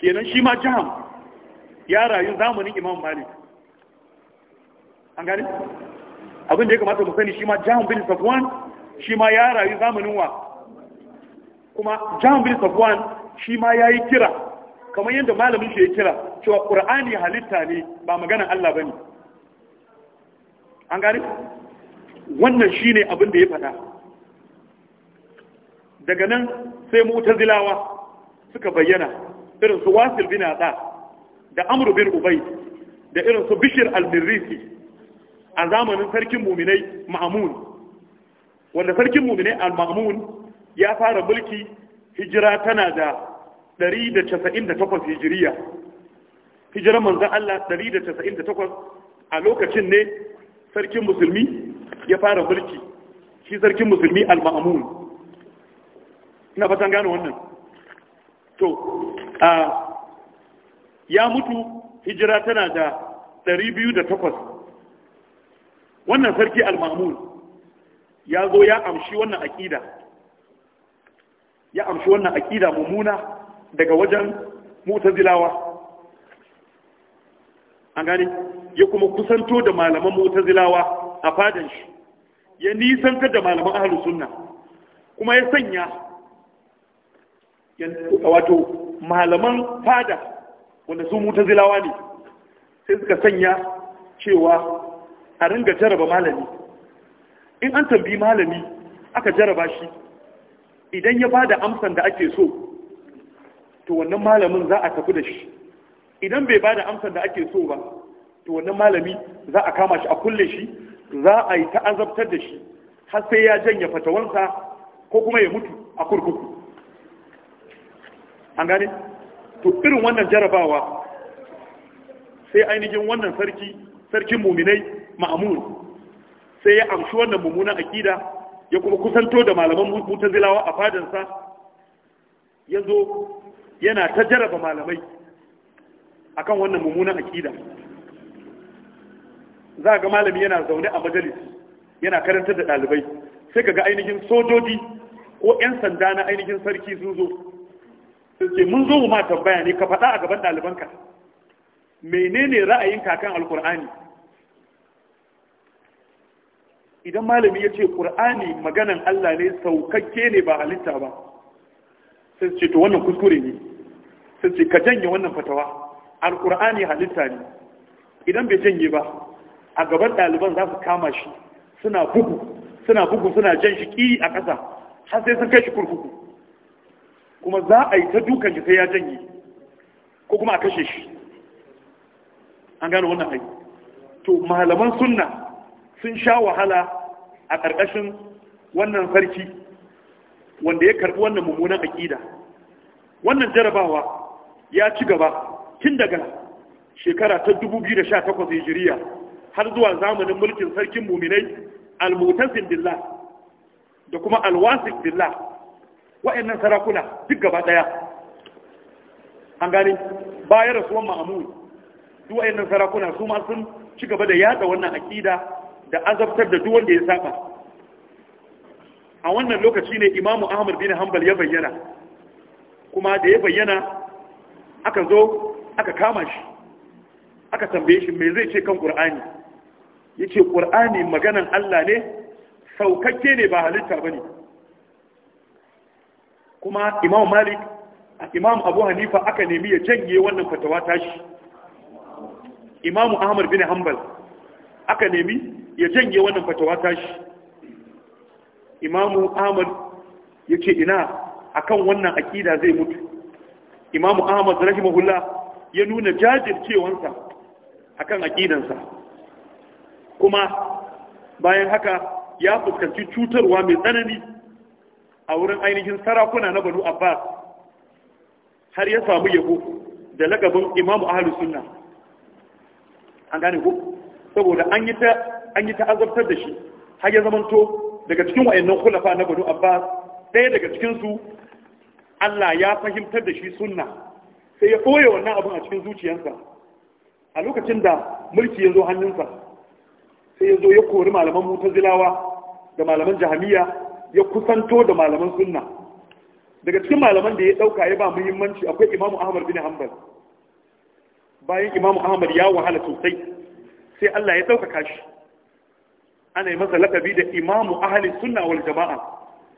Speaker 2: kenan shi ma jiham ya rayu zamanin imam malik an gani abin da ya kamata mu sani shi ma jiham bin safwan shi ma ya rayu zamanin wa kuma jiham bin safwan shi ma ya yi kira kamar yadda malamin shi ya kira cewa qur'ani halitta ne ba maganan Allah ne? an gane wannan shine abin da ya faɗa daga nan sai zilawa suka bayyana irin su wasil bin da amru bin ubay da irin su bishir al-mirrisi a zamanin sarkin muminai ma'amun wanda sarkin muminai al-ma'amun ya fara mulki hijira tana da 198 hijiriya hijirar manzan Allah 198 a lokacin ne sarkin musulmi ya fara mulki shi sarkin musulmi al-ma'amun ina fatan gano wannan to a ya mutu hijira tana da 208 wannan sarki al-ma'amun ya zo ya amshi wannan aƙida ya amshi wannan aƙida mummuna daga wajen mutazilawa an gani ya kuma kusanto da malaman mutazilawa a fadan shi ya nisantar da malaman ahlus sunna kuma ya sanya wato malaman fada wanda su mutazilawa ne sai suka sanya cewa a ringa jaraba malami in an tambi malami aka jaraba shi idan ya bada amsan da ake so to wannan malamin za a tafi da shi idan bai bada amsar da ake so ba to wannan malami za a kama shi a kulle shi za a yi ta azabtar da shi har sai ya janye fatawansa ko kuma ya mutu a kurkuku an gane to irin wannan jarabawa sai ainihin wannan sarki sarkin muminai ma'amun sai ya amshi wannan mummunan akida ya kuma kusanto da malaman zilawa a fadansa ya zo yana ta jaraba malamai akan wannan mummunan akida za ga malami yana zaune a majalis yana karantar da ɗalibai sai ka ga ainihin sojoji ko 'yan sanda na ainihin sarki sun zo suke mun zo mu ma tambaya ne ka faɗa a gaban ɗalibanka menene ra'ayin kakan alkur'ani idan malami ya ce ƙur'ani maganan allah ne saukakke ne ba halitta ba sai ce to wannan kuskure ne sai ce ka janye wannan fatawa alkur'ani halitta ne idan bai janye ba a gaban ɗaliban za su kama shi suna bugu suna bugu suna jan shi ƙi a ƙasa har sai sun kai shi kurkuku kuma za a yi ta dukan shi sai ya janye ko kuma a kashe shi an gano wannan ai to malaman sunna sun sha wahala a ƙarƙashin wannan sarki wanda ya karɓi wannan mummunan aƙida wannan jarabawa ya ci gaba tun daga shekara ta 2018 hijiriya har zuwa zamanin mulkin sarkin muminai al-mutasim billah da kuma al al-wasif billah wa'annan sarakuna duk gaba daya an gani bayan rasuwan ma'amun duk wa'annan sarakuna su ma sun ci gaba da yada wannan akida da azabtar da duk wanda ya saba a wannan lokaci ne imamu ahmad bin Hambal ya bayyana kuma da ya bayyana aka zo aka kama shi aka tambaye shi me zai ce kan qur'ani yace qur'ani maganan Allah ne saukakke ne ba halitta bane kuma imam malik imam abu hanifa aka nemi ya janye wannan fatawa tashi imam ahmad bin hanbal aka nemi ya janye wannan fatawa tashi imam ahmad yace ina akan wannan akida zai mutu imam ahmad rahimahullah ya nuna jajircewansa a kan aƙidansa kuma bayan haka ya fuskanci cutarwa mai tsanani a wurin ainihin sarakuna na banu abbas har ya samu yabo da lagabin imamu ahalus sunna an gane ku saboda an yi ta azabtar da shi har ya zamanto daga cikin wayannan kulafa na banu abbas ɗaya daga cikinsu allah ya fahimtar da shi sunna sai ya koya wannan abin a cikin zuciyarsa a lokacin da mulki ya zo hannunsa sai ya zo ya kori malaman mutazilawa da malaman jahamiya ya kusanto da malaman sunna daga cikin malaman da ya dauka ya ba muhimmanci akwai imamu ahmad bin hanbal bayan imamu ahmad ya wahala sosai sai allah ya dauka shi ana yi masa lakabi da imamu ahalin sunna wal jama'a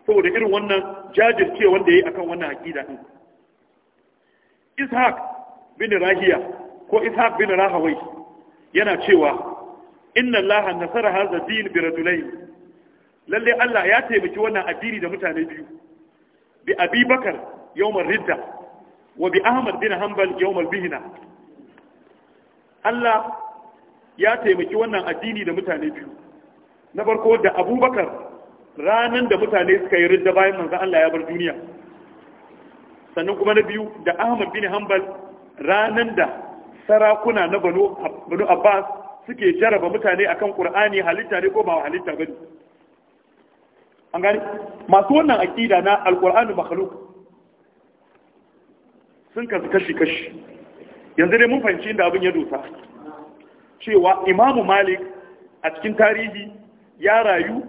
Speaker 2: saboda irin wannan jajirce wanda ya yi akan wannan aƙida din ishaq bin rahiya ko ishaq bin rahawai yana cewa inna Laha nasara hadha din bi rajulayn lalle allah ya taimaki wannan addini da mutane biyu bi Abubakar bakar yawmar ridda wa bi ahmad bin hanbal yawmar bihina allah ya taimaki wannan addini da mutane biyu na farko da abubakar ranan da mutane suka yi ridda bayan manzo allah ya bar duniya sannan kuma na biyu da ahmad bin hanbal ranar da sarakuna na banu abbas suke jaraba mutane akan qur'ani halitta ne ko ba halitta bane an gani masu wannan aqida na alqur'anu makhluq sun kasu kashi kashi yanzu dai mun fahimci inda abin ya dosa cewa Imam malik a cikin tarihi ya rayu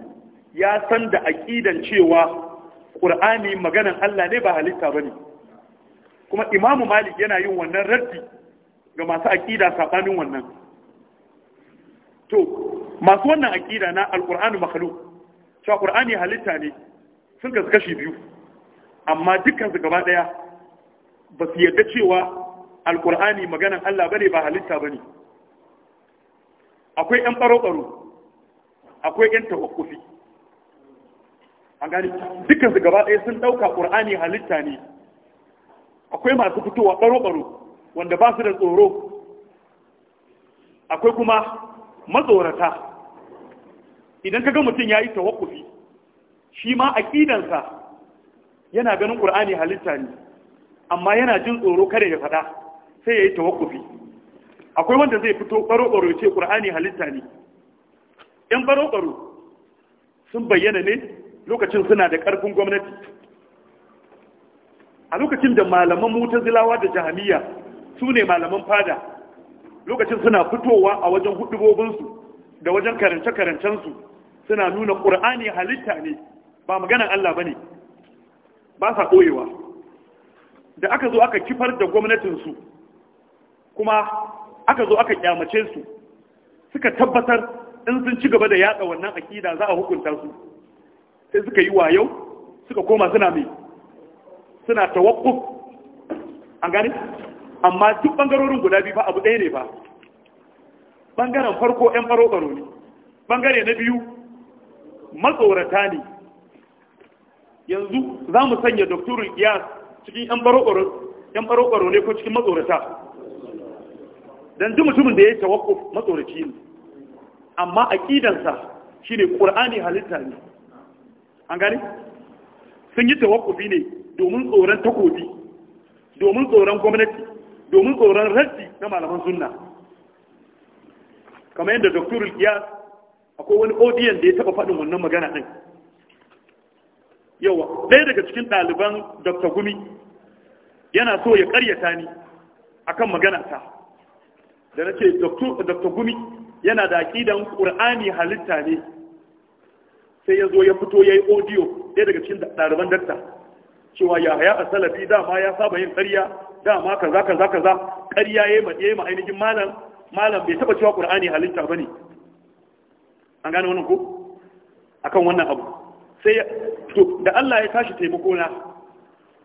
Speaker 2: ya san da aqidan cewa qur'ani maganan Allah ne ba halitta bane kuma imamu malik yana yin wannan raddi ga masu aƙida saɓanin wannan to masu wannan aƙida na alƙur'anu makhluk cewa ƙur'ani halitta ne sun kasu kashi biyu amma dukkan su gaba ɗaya ba su yarda cewa alƙur'ani maganan Allah bane ba halitta bane akwai ƴan ɓaro-ɓaro akwai ƴan tawakkufi an gani su gaba ɗaya sun ɗauka ƙur'ani halitta ne akwai masu fitowa ɓaro-ɓaro wanda ba su da tsoro akwai kuma matsorata idan ka ga mutum ya yi tawakufi shi ma aƙidansa yana ganin ƙur'ani halitta ne amma yana jin tsoro kada ya faɗa sai ya yi tawakufi akwai wanda zai fito ɓaro-ɓaro ce ƙur'ani halitta ne ‘yan ɓaro-ɓaro sun bayyana ne lokacin suna da ƙarfin gwamnati a lokacin da malaman mutazilawa da jahamiya su ne malaman fada lokacin suna fitowa a wajen hudubobinsu da wajen karance-karancensu suna nuna ƙur'ani halitta ne ba maganan Allah ba ne ba sa ɓoyewa da aka zo aka kifar da gwamnatinsu kuma aka zo aka ƙyamace su suka tabbatar in sun ci gaba da yada wannan akida za a hukunta su sai suka yi wayo suka koma suna mai suna tawakkuf an gani amma duk bangarorin guda biyu ba abu ɗaya ne ba bangaren farko yan baro ne bangare na biyu matsorata ne yanzu za mu sanya doktorin iya cikin yan baro baro ne ko cikin matsorata Don ji mutumin da ya tawakkuf matsoraci ne amma aqidansa shine qur'ani halitta ne an gani sun yi tawakkufi ne domin tsoron takobi domin tsoron gwamnati domin tsoron raddi na malaman sunna kamar yadda doktor kiyas akwai wani odiyan da ya taba faɗin wannan magana ɗin Yau, ɗaya daga cikin ɗaliban dr gumi yana so ya ƙaryata ni akan magana ta da na ce dr gumi yana da aƙidan ƙur'ani halitta ne sai ya zo ya fito ya yi odiyo ɗaya daga cikin ɗaliban dakta cewa ya haya a salafi dama ya saba yin ƙarya dama kaza kaza kaza ƙarya ya yi ma ainihin malam malam bai taɓa cewa ƙur'ani halitta ba ne an gane wannan ko akan wannan abu sai to da Allah ya tashi taimako na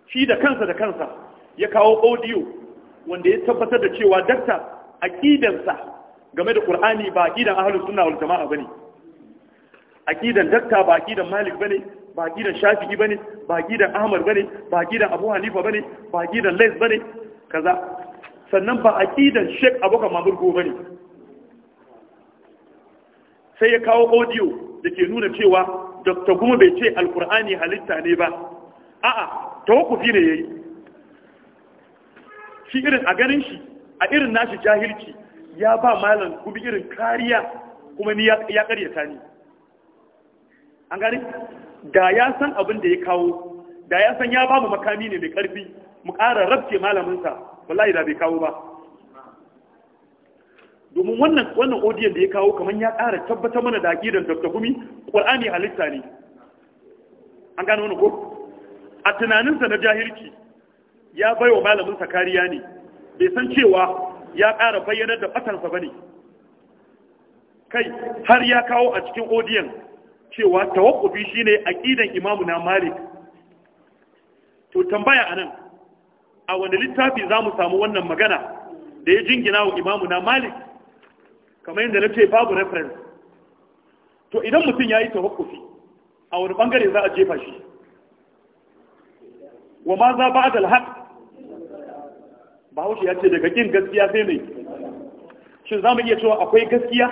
Speaker 2: shi da kansa da kansa ya kawo odiyo wanda ya tabbatar da cewa dakta aqidansa game da Qur'ani ba aqidan ahlus sunna wal jama'a bane aqidan dakta ba aqidan malik bane ba aqidan shafi'i bane ba aqidan ahmad bane ba aqidan abu hanifa bane ba aqidan lays bane kaza sannan ba aqidan sheikh abuka mamurgo bane sai ya kawo audio da ke nuna cewa dr guma bai ce alkur'ani halitta ne ba a'a tawakkufi ne yayi shi irin a ganin shi a irin nashi jahilci ya ba malam kuma irin kariya kuma ni ya karyata ni an gani da ya san abin da ya kawo da ya san ya ba mu makami ne mai karfi mu ƙara rabce malaminsa wallahi da bai kawo ba domin wannan wannan odiyon da ya kawo kamar ya ƙara tabbatar mana da aƙidar dr gumi ƙur'ani halitta ne an gano wani ko a tunaninsa na jahilci ya bai wa malaminsa kariya ne bai san cewa ya ƙara bayyanar da fatansa ba ne kai har ya kawo a cikin odiyon cewa tawakkufi shine aqidan imamu na malik to tambaya anan a wani littafi zamu samu wannan magana da ya jingina wa imamu na malik kamar yadda na ce babu reference to idan mutum ya yi tawakkufi a wani bangare za a jefa shi wa ma za ba da alhaq bahaushe ya ce daga kin gaskiya sai mai shin za mu iya cewa akwai gaskiya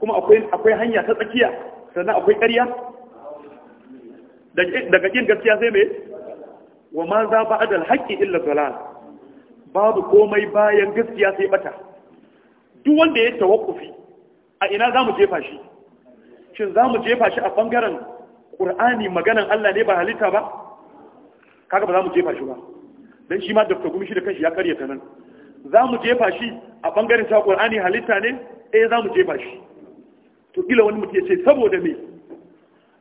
Speaker 2: kuma akwai hanya ta tsakiya sannan akwai ƙarya daga ƙin gaskiya sai mai wa ma za ba adal haƙƙi illa zalal babu komai bayan gaskiya sai bata duk wanda ya tawakkufi a ina za mu jefa shi shin za mu jefa shi a ɓangaren ƙur'ani maganan Allah ne ba halitta ba kaga ba za mu jefa shi ba don shi ma ta gumi shi da kanshi ya karyata nan za mu jefa shi a ɓangaren ta ƙur'ani halitta ne eh za mu jefa shi to wani mutum ya ce saboda me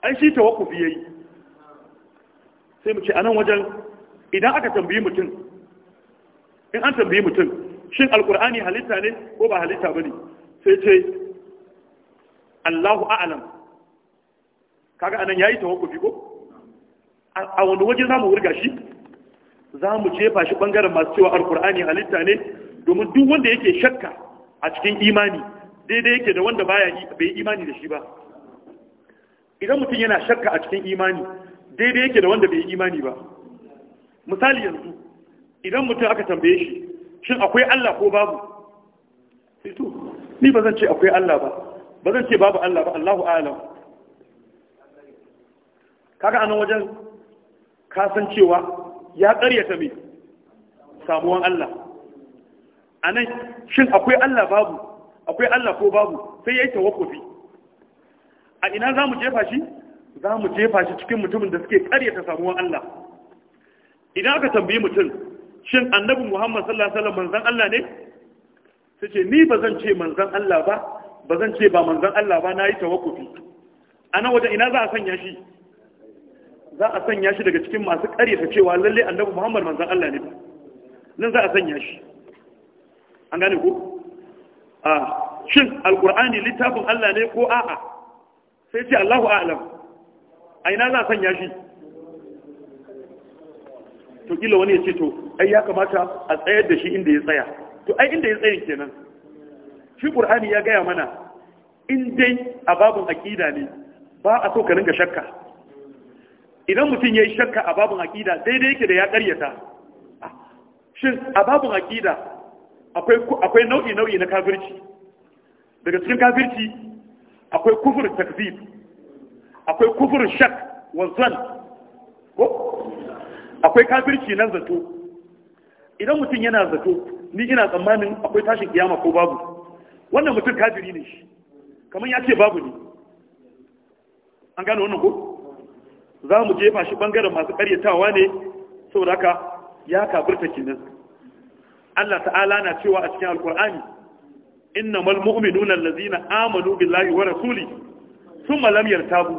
Speaker 2: an shi tawakkufi yayi sai mu ce anan wajen idan aka tambayi mutum in an tambayi mutum shin alkur'ani halitta ne ko ba halitta bane sai ce Allahu a'lam kaga anan yayi tawakkufi ko a wanda waje zamu wurga shi zamu jefa shi bangaren masu cewa alkur'ani halitta ne domin duk wanda yake shakka a cikin imani daidai yake da wanda baya bai imani da shi ba idan mutum yana shakka a cikin imani daidai yake da wanda bai imani ba misali yanzu idan mutum aka tambaye shi shin akwai Allah ko babu sai to ni ba zan ce akwai Allah ba ba zan ce babu Allah ba Allahu a'lam kaga anan wajen kasancewa ya ƙaryata mai samuwan Allah anan shin akwai Allah babu akwai Allah ko babu sai yayi tawakkufi a ina za mu jefa shi Za mu jefa shi cikin mutumin da suke karyata samuwar Allah idan aka tambayi mutum shin annabi Muhammad sallallahu alaihi wasallam manzon Allah ne sai ce ni ba zan ce manzon Allah ba ba zan ce ba manzon Allah ba nayi tawakkufi ana wajen ina za a sanya shi za a sanya shi daga cikin masu karyata cewa lalle annabi Muhammad manzon Allah ne nan za a sanya shi an gane ku shin alkur'ani littafin Allah ne ko a'a sai ce Allahu a'lam a ina za a sanya shi to kila wani ya ce to ai ya kamata a tsayar da shi inda ya tsaya to ai inda ya tsaya kenan shi qur'ani ya gaya mana in dai a babun aqida ne ba a so ka ringa shakka idan mutum yayi shakka a babun aqida daidai yake da ya ƙaryata shin a babun aqida akwai nau'i nau'i na kafirci daga cikin kafirci akwai kufur takzib akwai kufur shak wa zan ko akwai kafirci na zato idan mutum yana zato ni ina tsammanin akwai tashin kiyama ko babu wannan mutum kafiri ne shi kamar ya ce babu ne an gano wannan ko za mu jefa shi bangaren masu karyatawa ne saboda haka ya kafirta kenan Allah ta'ala na cewa a cikin alkur'ani innamal mu'minuna allazina amanu billahi wa rasuli thumma lam yartabu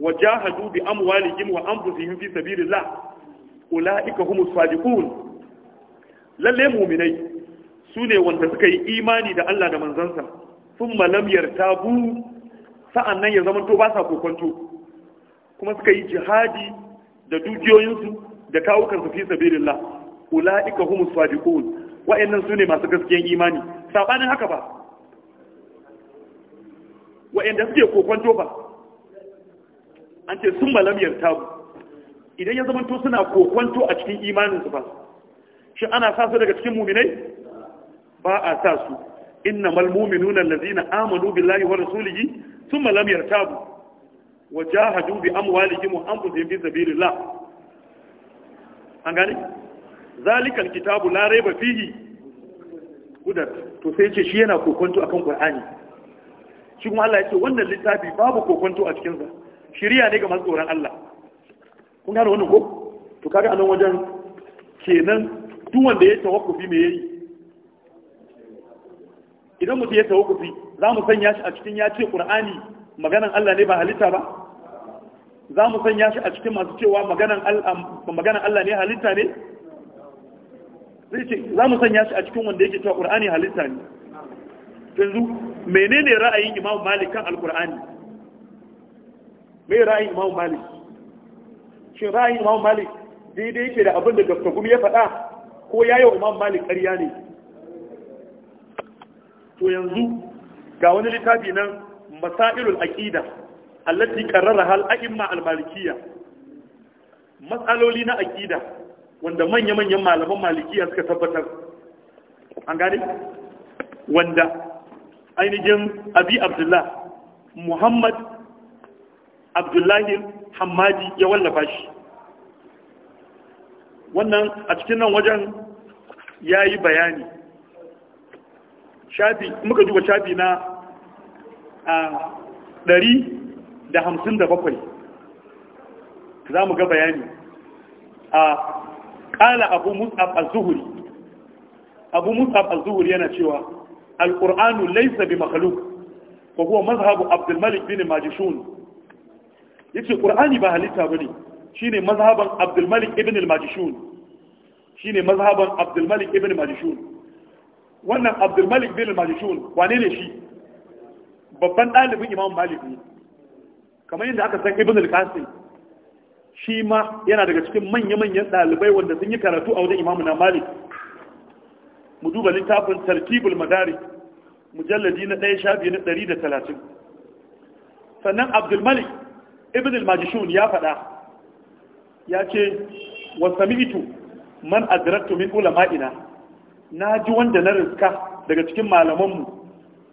Speaker 2: wa jahadu bi amwalihim wa anfusihim fi sabilillah ulaika humus sadiqun lalle mu'minai sune wanda suka yi imani da Allah da manzansa thumma lam yartabu sa'annan ya zamanto ba sa kokonto kuma suka yi jihadi da dukiyoyinsu da kawukansu fi sabilillah ula'ika humus sadiqun wa'annan sune masu gaskiyan imani sabanin haka ba wa'anda suke kokonto ba an ce sun malam bu idan ya zamanto suna kokonto a cikin imaninsu ba shi ana sa su daga cikin muminai ba a sa su innamal mu'minuna allazina amanu billahi wa rasulihi thumma lam yartabu wa jahadu bi amwalihim wa anfusihim fi sabilillah an gane zalikal kitabu la raiba fihi hudar to sai ce shi yana kokonto akan qur'ani shi kuma Allah ya ce wannan littafi babu kokonto a cikin sa shari'a ne ga masu tsoron Allah kun gane wannan ko to kaga anan wajen kenan duk wanda ya tawakkufi me yayi idan mutum ya tawakkufi za mu sanya shi a cikin ya ce qur'ani maganan Allah ne ba halitta ba za mu sanya shi a cikin masu cewa maganan Allah ne halitta ne zai ce za mu sanya shi a cikin wanda yake cewa ƙur'ani halitta ne yanzu menene ra'ayin imam malik kan alƙur'ani me ra'ayin imam malik shin ra'ayin imam malik daidai yake da abin da dr gumi ya faɗa ko ya yi wa imam malik ƙarya ne to yanzu ga wani littafi nan masailul aqida allati qarraraha hal aimma al-malikiyya matsaloli na aqida wanda manya-manyan malaman malikiya suka tabbatar an gane wanda ainihin abi abdullah muhammad abdullahi hamadi ya wallafa shi wannan a cikin nan wajen ya yi bayani shafi muka duba shafi na a ɗari da hamsin da bakwai za mu ga bayani a qala abu mus'ab al zuhri abu mus'ab al zuhri yana cewa al-qur'anu laysa bi makhluq wa huwa mazhabu abdul malik bin majishun yace qur'ani ba halitta bane shine mazhaban abdul malik ibn al-majishun shine mazhaban abdul malik ibn majishun wannan abdul malik bin al-majishun wane ne shi babban dalibin imam malik ne kamar yadda aka san ibn al-qasim shi ma yana daga cikin manya-manyan ɗalibai wanda sun yi karatu a wajen imamu na malik mu duba littafin tartibul madari mujalladi na ɗaya shafi na ɗari da talatin sannan abdulmalik ibn al ya faɗa ya ce wa man adraktu min ina na ji wanda na riska daga cikin malamanmu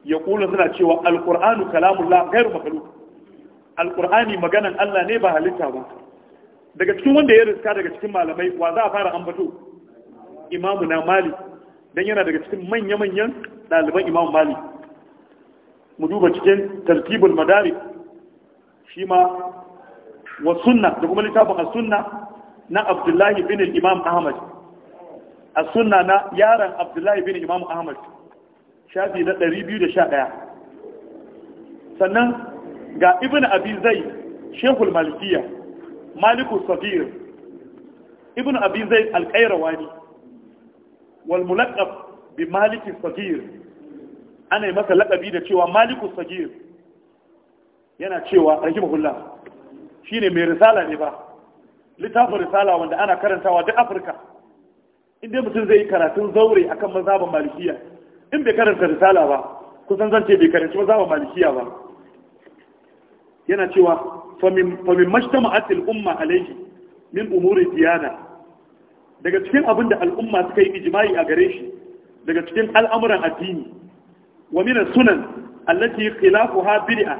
Speaker 2: ya kula suna cewa Alƙur'anu kalamun ghairu makalu. Alƙur'ani maganan Allah ne ba halitta ba daga cikin wanda ya riska daga cikin malamai wa za a fara ambato imamu na mali don yana daga cikin manya-manyan ɗaliban imamu mali mu duba cikin tartibul madari shi ma wa sunna da kuma littafin a sunna na abdullahi bin imam ahmad a sunna na yaran abdullahi bin imam ahmad shafi na 211 sannan ga ibn abi zai shekul malikiya maliku sabir ibn abi zai alƙaira qayrawani wal bi malik sabir ana yi masa laqabi da cewa maliku sabir yana cewa rahimahullah shine mai risala ne ba littafin risala wanda ana karantawa duk afirka inda mutum zai yi karatun zaure akan mazhaban malikiya in bai karanta risala ba kusan zance bai karanci mazhaban malikiya ba yana cewa famin mashtama'atil umma alaihi min umuri diyana daga cikin abin da al'umma suka yi ijima'i a gare shi daga cikin al'amuran addini wa min sunan allati khilafuha bid'a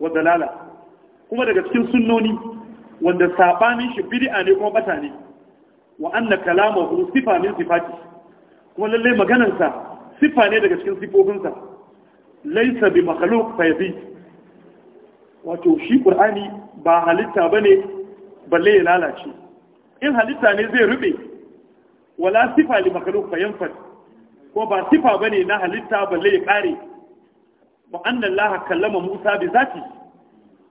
Speaker 2: wa dalala kuma daga cikin sunnoni wanda sabanin shi bid'a ne kuma bata ne wa anna kalamahu sifa min sifati kuma lalle maganarsa sifa ne daga cikin sifofinsa laysa bi makhluq fa wato shi ƙur'ani ba halitta ba ne balle ya lalace in halitta ne zai rube wala sifa li makaluk fayanfat ko ba sifa ba ne na halitta balle ya ƙare ba annan laha kallama musa bi zati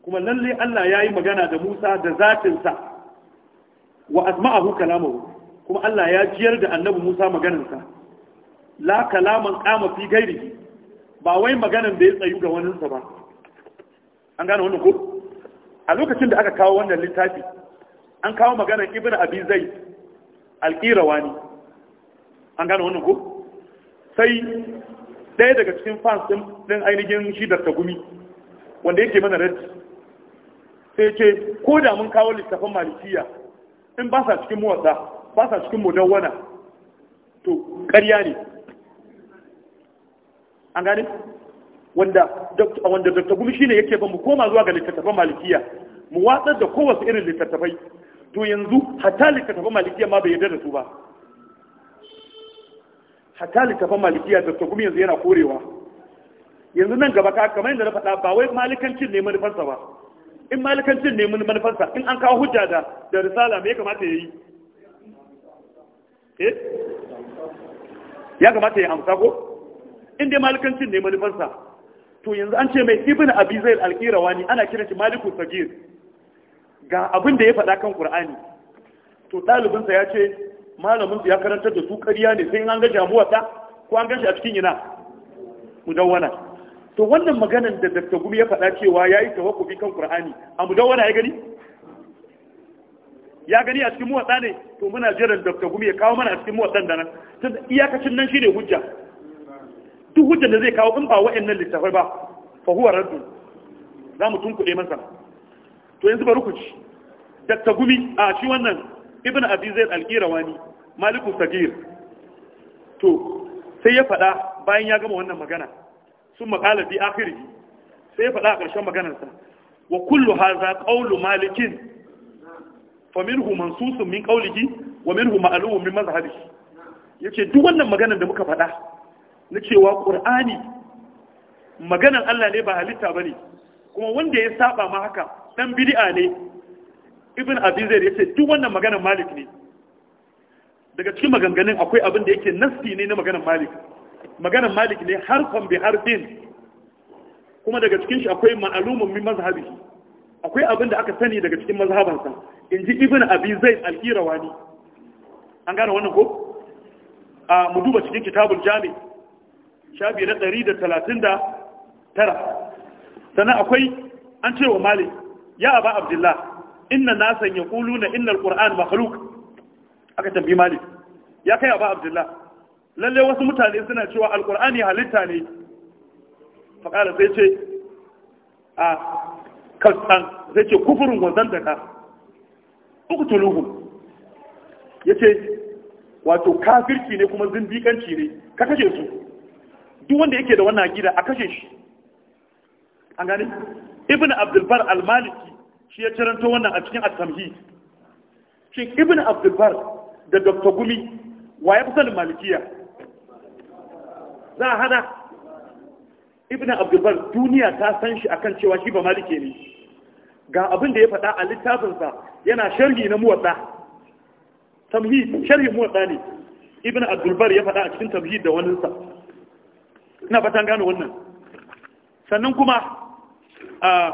Speaker 2: kuma lalle allah ya yi magana da musa da zatinsa wa asma'ahu kalamahu kuma allah ya jiyar da annabi musa maganarsa la kalaman kama fi gairi ba wai maganan da ya tsayu ga waninsa ba an gane wannan ko a lokacin da aka kawo wannan littafi an kawo maganar ibn abi zaid alqirawani an gane wannan ko sai ɗaya daga cikin fans din ainihin shi da gumi wanda yake mana raddi sai ce ko da mun kawo littafin malikiya in ba sa cikin muwatsa ba sa cikin mudawana to ƙarya ne an gane wanda wanda Dr. Gumi shine yake ba mu koma zuwa ga littattafan malikiya mu watsar da kowace irin littattafai to yanzu hatta littattafan malikiya ma bai yarda da su ba hatta littattafan malikiya Dr. bulu yanzu yana korewa yanzu nan gaba ka kamar yadda na faɗa ba wai malikancin ne manufarsa ba in malikancin ne manufarsa in an kawo hujja da da risala me ya kamata ya yi eh ya kamata ya amsa ko in dai malikancin ne manufarsa to yanzu an ce mai ibn abi zai al-qirawani ana kira shi maliku sagir ga abin da ya faɗa kan ƙur'ani to ɗalibinsa ya ce malaminsu ya karantar da su ƙarya ne sai an gaji abuwa ta ko an gashi a cikin ina mudawwana to wannan maganan da Dr. Gumi ya faɗa cewa ya yayi tawakkufi kan ƙur'ani a mudawwana ya gani ya gani a cikin muwatsa ne to muna jiran Dr. Gumi ya kawo mana a cikin muwatsan da nan tun iyakacin nan shi ne hujja duk hujjar da zai kawo in ba wa'annan littafai ba fa huwa raddu za mu tunkuɗe masa to yanzu bari ku ci dakta gumi a shi wannan ibn abizai alkirawani maliku sagir to sai ya faɗa bayan ya gama wannan magana sun maƙala bi akhiri sai ya faɗa a ƙarshen maganarsa wa kullu haza qawlu malikin fa minhu mansusun min qawlihi wa minhu ma'lumun min mazhabihi yace duk wannan maganar da muka faɗa na cewa ƙur'ani maganar Allah ne ba halitta ba ne kuma wanda ya saba ma haka ɗan bidi'a ne ibn abizir ya ce duk wannan maganar malik ne daga cikin maganganun akwai abin da yake nasti ne na maganar malik maganar malik ne harfan bi harfin kuma daga cikin shi akwai ma'alumin min mazhabi akwai abin da aka sani daga cikin mazhabansa in ji ibn abi zaid al-qirawani an gane wannan ko a mu duba cikin kitabul jami' shafi na ɗari da talatin da tara sannan akwai an cewa malik ya aba abdullah inna nasan ya kulu na al qur'an makhluk aka tambayi malik ya kai aba abdullah lalle wasu mutane suna cewa Al-ƙur'ani halitta ne faƙala zai ce a kalsan zai ce kufurin wanzan da ka ya ce wato kafirci ne kuma zindikanci ne ka kashe su duk wanda yake da wannan aqida a kashe shi an gane ibn abdul bar al maliki shi ya taranto wannan a cikin at-tamhid shin ibn abdul bar da dr gumi wa ya fi malikiya za a hana ibn abdul bar duniya ta san shi akan cewa shi ba malike ne ga abin da ya faɗa a littafinsa yana sharhi na muwaɗa tamhid sharhi muwaɗa ne ibn abdulbar ya faɗa a cikin tamhid da waninsa ina fatan gano wannan sannan kuma a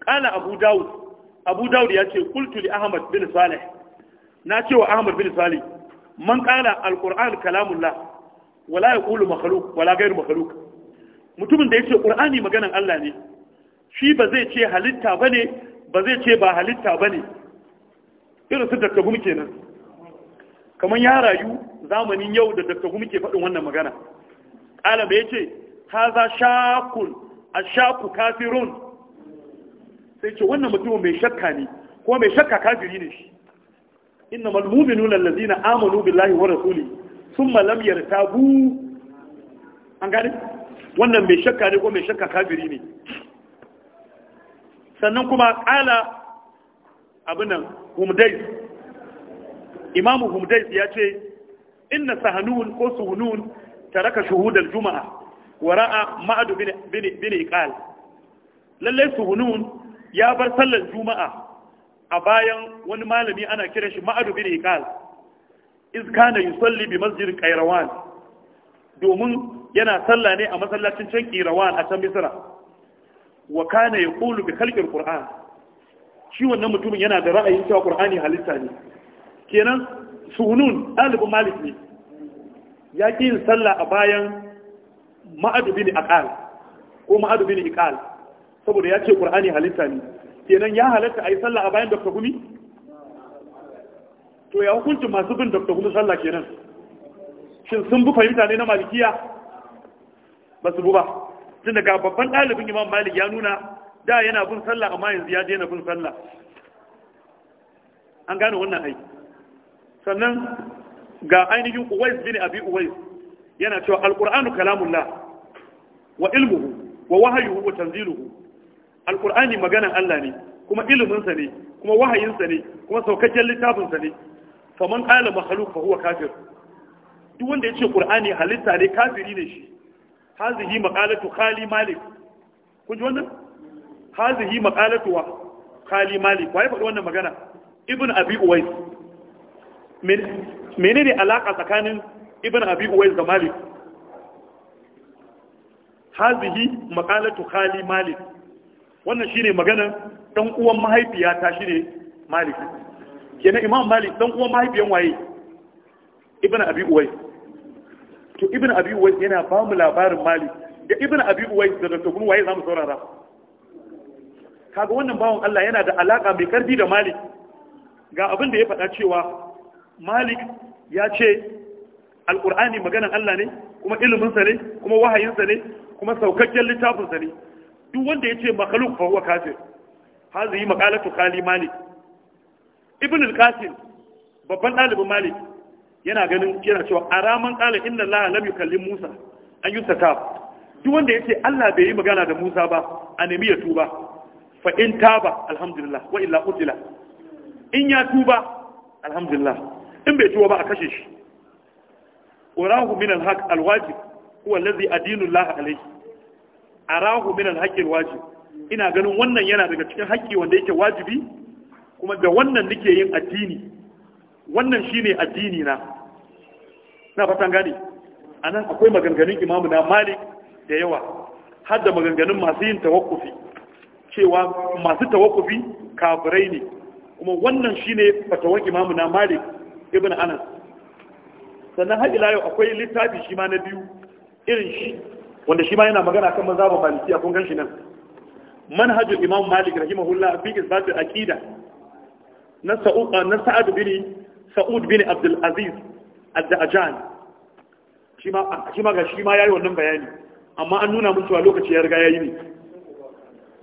Speaker 2: ƙala abu dawud abu dawud ya ce kultu ahmad bin salih na ce wa ahmad bin salih man ƙala alƙur'an kalamullah wala ya ƙulu wala gairu mutumin da ya ce ƙur'ani maganan allah ne shi ba zai ce halitta ba ba zai ce ba halitta ba ne irin su dakkabun kenan kamar ya rayu zamanin yau da daktar Gumi ke faɗin wannan magana ƙala bai ce za shakun a shaku kafirun sai ce wannan mutum mai shakka ne ko mai shakka kafiri ne shi inna malmuminu lallazina amanu billahi wa rasuli thumma ta bu an gane wannan mai shakka ne ko mai shakka kafiri ne sannan kuma kala abinan humdai imamu humdais ya ce inna sahanun ko suhunun taraka shuhudar juma'a wa ra'a ma'adu bin iqal lalle suhunun ya bar sallar juma'a a bayan wani malami ana kiran shi ma'adu bin iqal iz kana yusalli bi masjid qairawan domin yana sallah ne a masallacin can qirawan a can misra wa kana yaqulu bi khalqi alquran shi wannan mutumin yana da ra'ayin cewa qur'ani halitta ne kenan sunun ɗalibin malik ne ya ƙi yin sallah a bayan ma'adu bin aqal ko ma'adu bin iƙal saboda ya ce ƙur'ani halitta ne kenan ya halatta yi sallah a bayan dr gumi to ya hukuncin masu bin dr gumi sallah kenan shin sun bi fahimta ne na malikiya ba su bu ba tun daga babban ɗalibin imam malik ya nuna da yana bin sallah amma yanzu ya daina bin sallah an gane wannan aiki sannan ga ainihin uwais bin abi uwais yana cewa alqur'anu kalamullah wa ilmuhu wa wahyuhu wa tanziluhu alqur'ani maganan Allah ne kuma ilimin sa ne kuma wahayin sa ne kuma saukakken littafin sa ne faman qala makhluq fa huwa kafir duk wanda yace qur'ani halitta ne kafiri ne shi hazihi maqalatu khali malik kun ji wannan hazihi maqalatu wa khali malik wai faɗi wannan magana ibn abi uwais menene alaka tsakanin ibn abi uwais da malik hazihi maqalatu khali malik wannan shine magana dan uwan mahaifiyata shine malik kenan imam malik dan uwan mahaifiyan waye ibn abi uwais to ibn abi uwais yana ba mu labarin malik da ibn abi uwais da dr gun waye zamu saurara kaga wannan bawon Allah yana da alaka mai karfi da malik ga abin da ya faɗa cewa malik ya ce alkur'ani maganan Allah ne kuma iliminsa ne kuma wahayinsa ne kuma saukakken littafinsa ne duk wanda ya ce makhluk fa huwa kafir zai yi maqalatu khali malik ibn al-qasim babban dalibin malik yana ganin yana cewa araman kala inna na lam yukallim musa an yusatab duk wanda ya ce Allah bai yi magana da musa ba a nemi ya tuba fa in taba alhamdulillah wa illa qutila in ya tuba alhamdulillah in bai tuwa ba a kashe shi urahu min alhaq alwajib huwa allazi adinu Allah alayhi arahu min alhaq alwajib ina ganin wannan yana daga cikin haƙƙi wanda yake wajibi kuma da wannan nake yin addini wannan shine addini na na fatan gane anan akwai maganganun imamu na malik da yawa har da maganganun masu yin tawakkufi cewa masu tawakkufi kafirai ne kuma wannan shine fatawan imamu na malik ibn anas sannan har ila yau akwai littafi shi ma na biyu irin shi wanda shi ma yana magana kan mazhabin maliki a kun gan shi nan manhajul imam malik rahimahullah fi isbatul aqida na sa'ud ah, na sa'ad bin sa'ud bin abdul aziz al-dajjan shi ma ah, shi ma ga shi ma yayi wannan bayani amma an nuna mun cewa lokaci ya riga yayi ne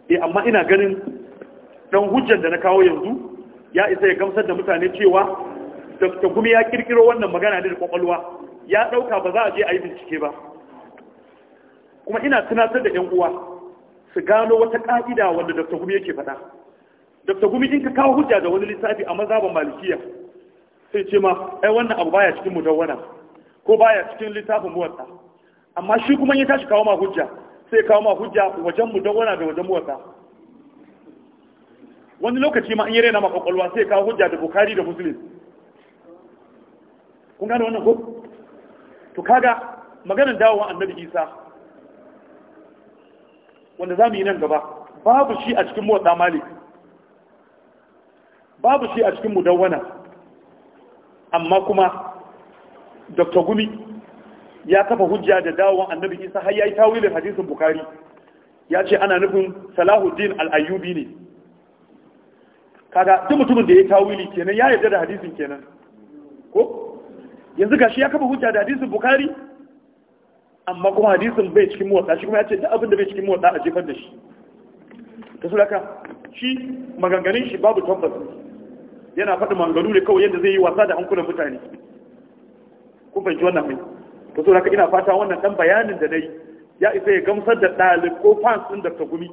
Speaker 2: eh amma ina ganin dan hujjar da na kawo yanzu ya isa ya gamsar da mutane cewa Dokta gumi ya kirkiro wannan magana ne da kwakwalwa ya ɗauka ba za a je a yi bincike ba kuma ina tunatar da 'yan uwa su gano wata ƙa'ida wanda dr gumi yake faɗa dr gumi in ka kawo hujja da wani lissafi a mazaban malikiya sai ce ma ai wannan abu baya cikin mudawwana ko baya cikin littafin muwatta amma shi kuma ya tashi kawo ma hujja sai kawo ma hujja wajen mudawwana da wajen muwatta wani lokaci ma in yi rena ma kwakwalwa sai kawo hujja da bukari da muslim kun gane wannan ko to kaga maganar dawowa annabi isa wanda za mu yi nan gaba babu shi a cikin motsa malik babu shi a cikin mudawwana amma kuma dr gumi ya kafa hujja da dawowa annabi isa har ya yi tawilin hadisin bukari ya ce ana nufin salahuddin al'ayyubi ne kaga duk mutumin da ya yi tawili kenan ya yarda da hadisin kenan ko yanzu gashi ya kafa hujja da hadisin bukari amma kuma hadisin bai cikin motsa shi kuma ya ce duk abin da bai cikin motsa a jefar da shi ta sulaka shi maganganun shi babu tabbas yana faɗi maganganu ne kawai yadda zai yi wasa da hankulan mutane kun fahimci wannan mai ta sulaka ina fata wannan ɗan bayanin da na yi ya isa ya gamsar da ɗalib ko fans ɗin da gumi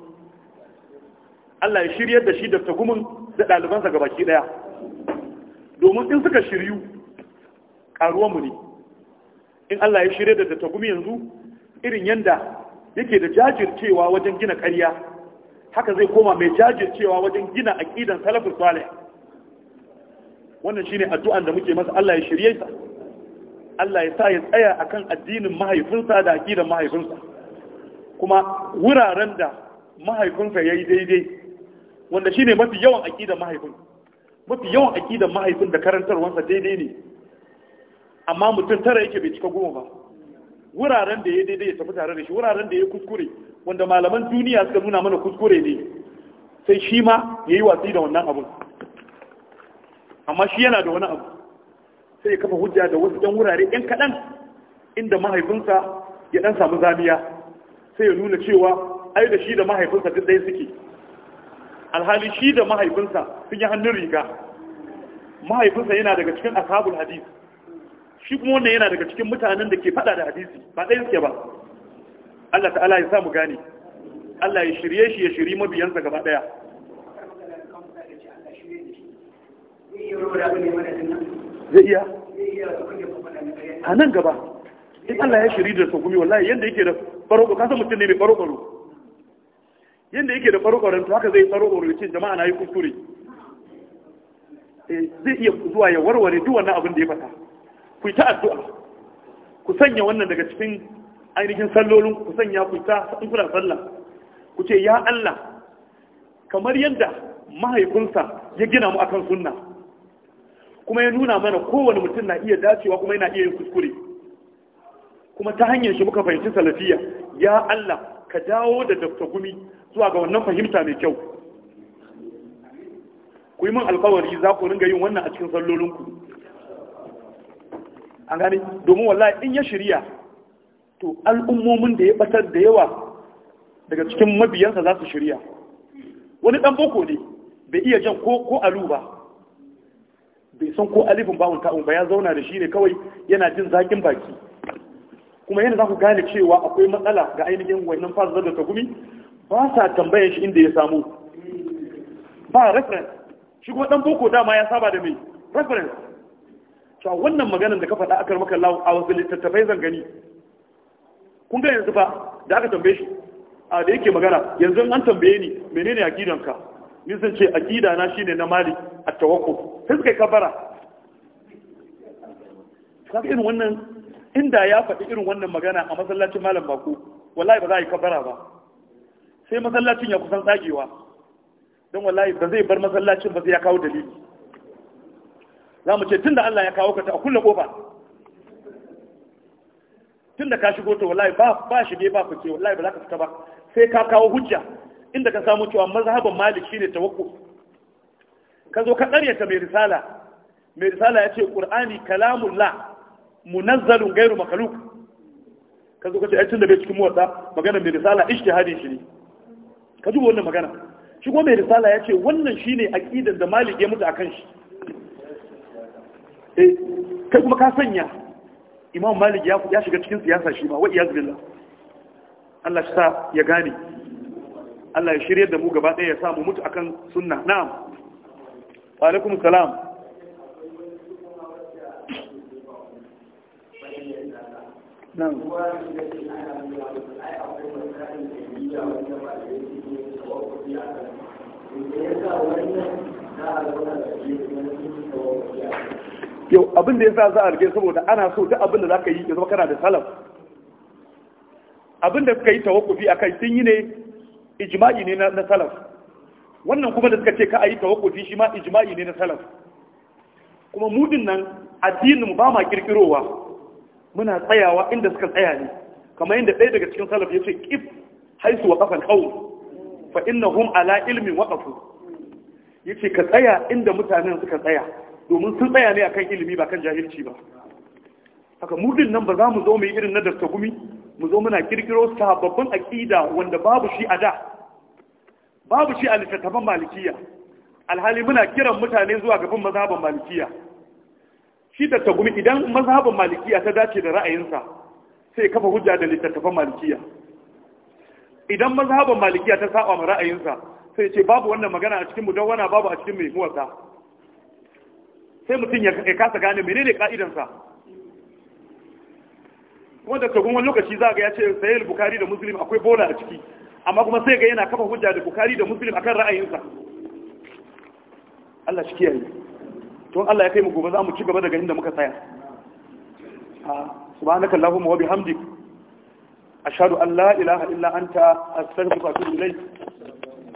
Speaker 2: Allah ya shiryar da shi da gumin da ɗalibansa gabaki ɗaya domin in suka shiryu karuwan mu ne in Allah ya shirye da gumi yanzu irin yanda yake da jajircewa wajen gina ƙarya haka zai koma mai jajircewa wajen gina aqidan salafus salih wannan shine addu'an da muke masa Allah ya shirye sa Allah ya sa ya tsaya akan addinin mahaifinsa da aqidan mahaifinsa kuma wuraren da mahaifinsa yayi daidai wanda shine mafi yawan aqidan mahaifin mafi yawan aqidan mahaifin da karantarwansa daidai ne amma mutum tara yake bai cika goma ba wuraren da ya daidai ya tafi tare da shi wuraren da ya kuskure wanda malaman duniya suka nuna mana kuskure ne sai shi ma ya yi watsi da wannan abun amma shi yana da wani abu sai ya kafa hujja da wasu ɗan wurare ɗan kaɗan inda mahaifinsa ya ɗan samu zamiya sai ya nuna cewa ai da shi da mahaifinsa duk ɗaya suke alhali shi da mahaifinsa sun yi hannun riga mahaifinsa yana daga cikin ashabul hadis shi kuma wannan yana daga cikin mutanen da ke fada da hadisi ba ɗaya suke ba Allah ta'ala ya samu gane Allah ya shirye shi ya shiri mabiyansa gaba ɗaya
Speaker 4: zai iya a nan gaba
Speaker 2: in Allah ya shiri da sakumi wallahi yadda yake da farko kasan mutum ne mai farko yadda yake da farko to haka zai farko ya ce jama'a na yi kuskure eh, zai iya zuwa ya warware duk wannan abin da ya fata ku ta addu'a ku sanya wannan daga cikin ainihin sallolin ku sanya ku ta in kuna sallah ku ce ya Allah kamar yadda mahaifinsa ya gina mu akan sunna kuma ya nuna mana kowane mutum na iya dacewa kuma yana iya yin kuskure kuma ta hanyar shi muka fahimci salafiya ya Allah ka dawo da Dr. Gumi zuwa ga wannan fahimta mai kyau ku yi min alkawari za ku ringa yin wannan a cikin sallolinku an gani domin wallahi in ya shirya to al'ummomin da ya batar da yawa daga cikin mabiyansa za su shirya wani dan boko ne bai iya jan ko ko alu ba bai san ko alifin bawun ta'un ba ya zauna da shi ne kawai yana jin zakin baki kuma yana za ku gane cewa akwai matsala ga ainihin wannan fasa da gumi ba sa tambayan shi inda ya samu ba reference shi kuma dan boko dama ya saba da mai reference to wannan maganar da ka faɗa akan maka lawo a wasu littattafai zan gani kun ga yanzu ba da aka tambaye shi a da yake magana yanzu an tambaye ni menene aqidanka ni zan ce aqida na shine na mali at-tawakkul sai suka kabara kaga irin wannan inda ya faɗi irin wannan magana a masallacin malam bako wallahi ba za a yi kafara ba sai masallacin ya kusan tsagewa don wallahi ba zai bar masallacin ba zai ya kawo dalili za mu ce tun da Allah ya kawo ka ta a kulle ƙofa tun da ka shigo to wallahi ba ba shige ba fice wallahi ba za ka fita ba sai ka kawo hujja inda ka samu cewa mazhaban malik shine tawakkuf ka zo ka ƙaryata mai risala mai risala ya ce qur'ani kalamullah munazzalun ghairu makhluq ka zo ka ce tun da bai cikin muwadda magana mai risala ijtihadi shi ne ka duba wannan magana shi mai risala ya ce wannan shine aqidan da malik ya mutu akan shi eh kai kuma ka sanya imam malik ya shiga cikin siyasa shi ma wa iyaz billah Allah shi sa ya gane Allah ya shirye da mu gaba ɗaya ya samu mutu akan sunna na'am wa alaikum salam
Speaker 4: na'am
Speaker 1: Thank you.
Speaker 2: yau abin da ya sa za a rike saboda ana so duk abin da za ka yi ya zama kana da salaf abin da suka yi tawakufi a kai sun yi ne ijima'i ne na salaf wannan kuma da suka ce ka a yi tawakufi shi ma ijima'i ne na salaf kuma mudin nan addinin ba ma kirkirowa muna tsayawa inda suka tsaya ne kamar yadda ɗaya daga cikin salaf ya ce kif haisu wa kafan kawo fa innahum ala ilmin waqafu yace ka tsaya inda mutanen suka tsaya domin sun tsaya ne akan ilimi ba kan jahilci ba haka mudin nan ba za mu zo mu irin na darta gumi mu zo muna kirkiro sababbin aƙida wanda babu shi a da babu shi a littattafan malikiya alhali muna kiran mutane zuwa gaban mazhaban malikiya shi darta gumi idan mazhaban malikiya ta dace da ra'ayinsa sai kafa hujja da littattafan malikiya idan mazhaban malikiya ta saba ma ra'ayinsa sai ce babu wannan magana a cikin wana babu a cikin mai muwasa sai mutum ya kasa gane menene ka'idansa kuma da kagun wani lokaci za ga ya ce sayar bukari da musulmi akwai bola a ciki amma kuma sai ga yana kafa hujja da bukari da musulun akan ra'ayinsa Allah shi kiyaye to Allah ya kai mu gobe za mu ci gaba daga da muka tsaya subhanaka allahumma wa bihamdik ashhadu an la ilaha illa anta astaghfiruka wa atubu ilayk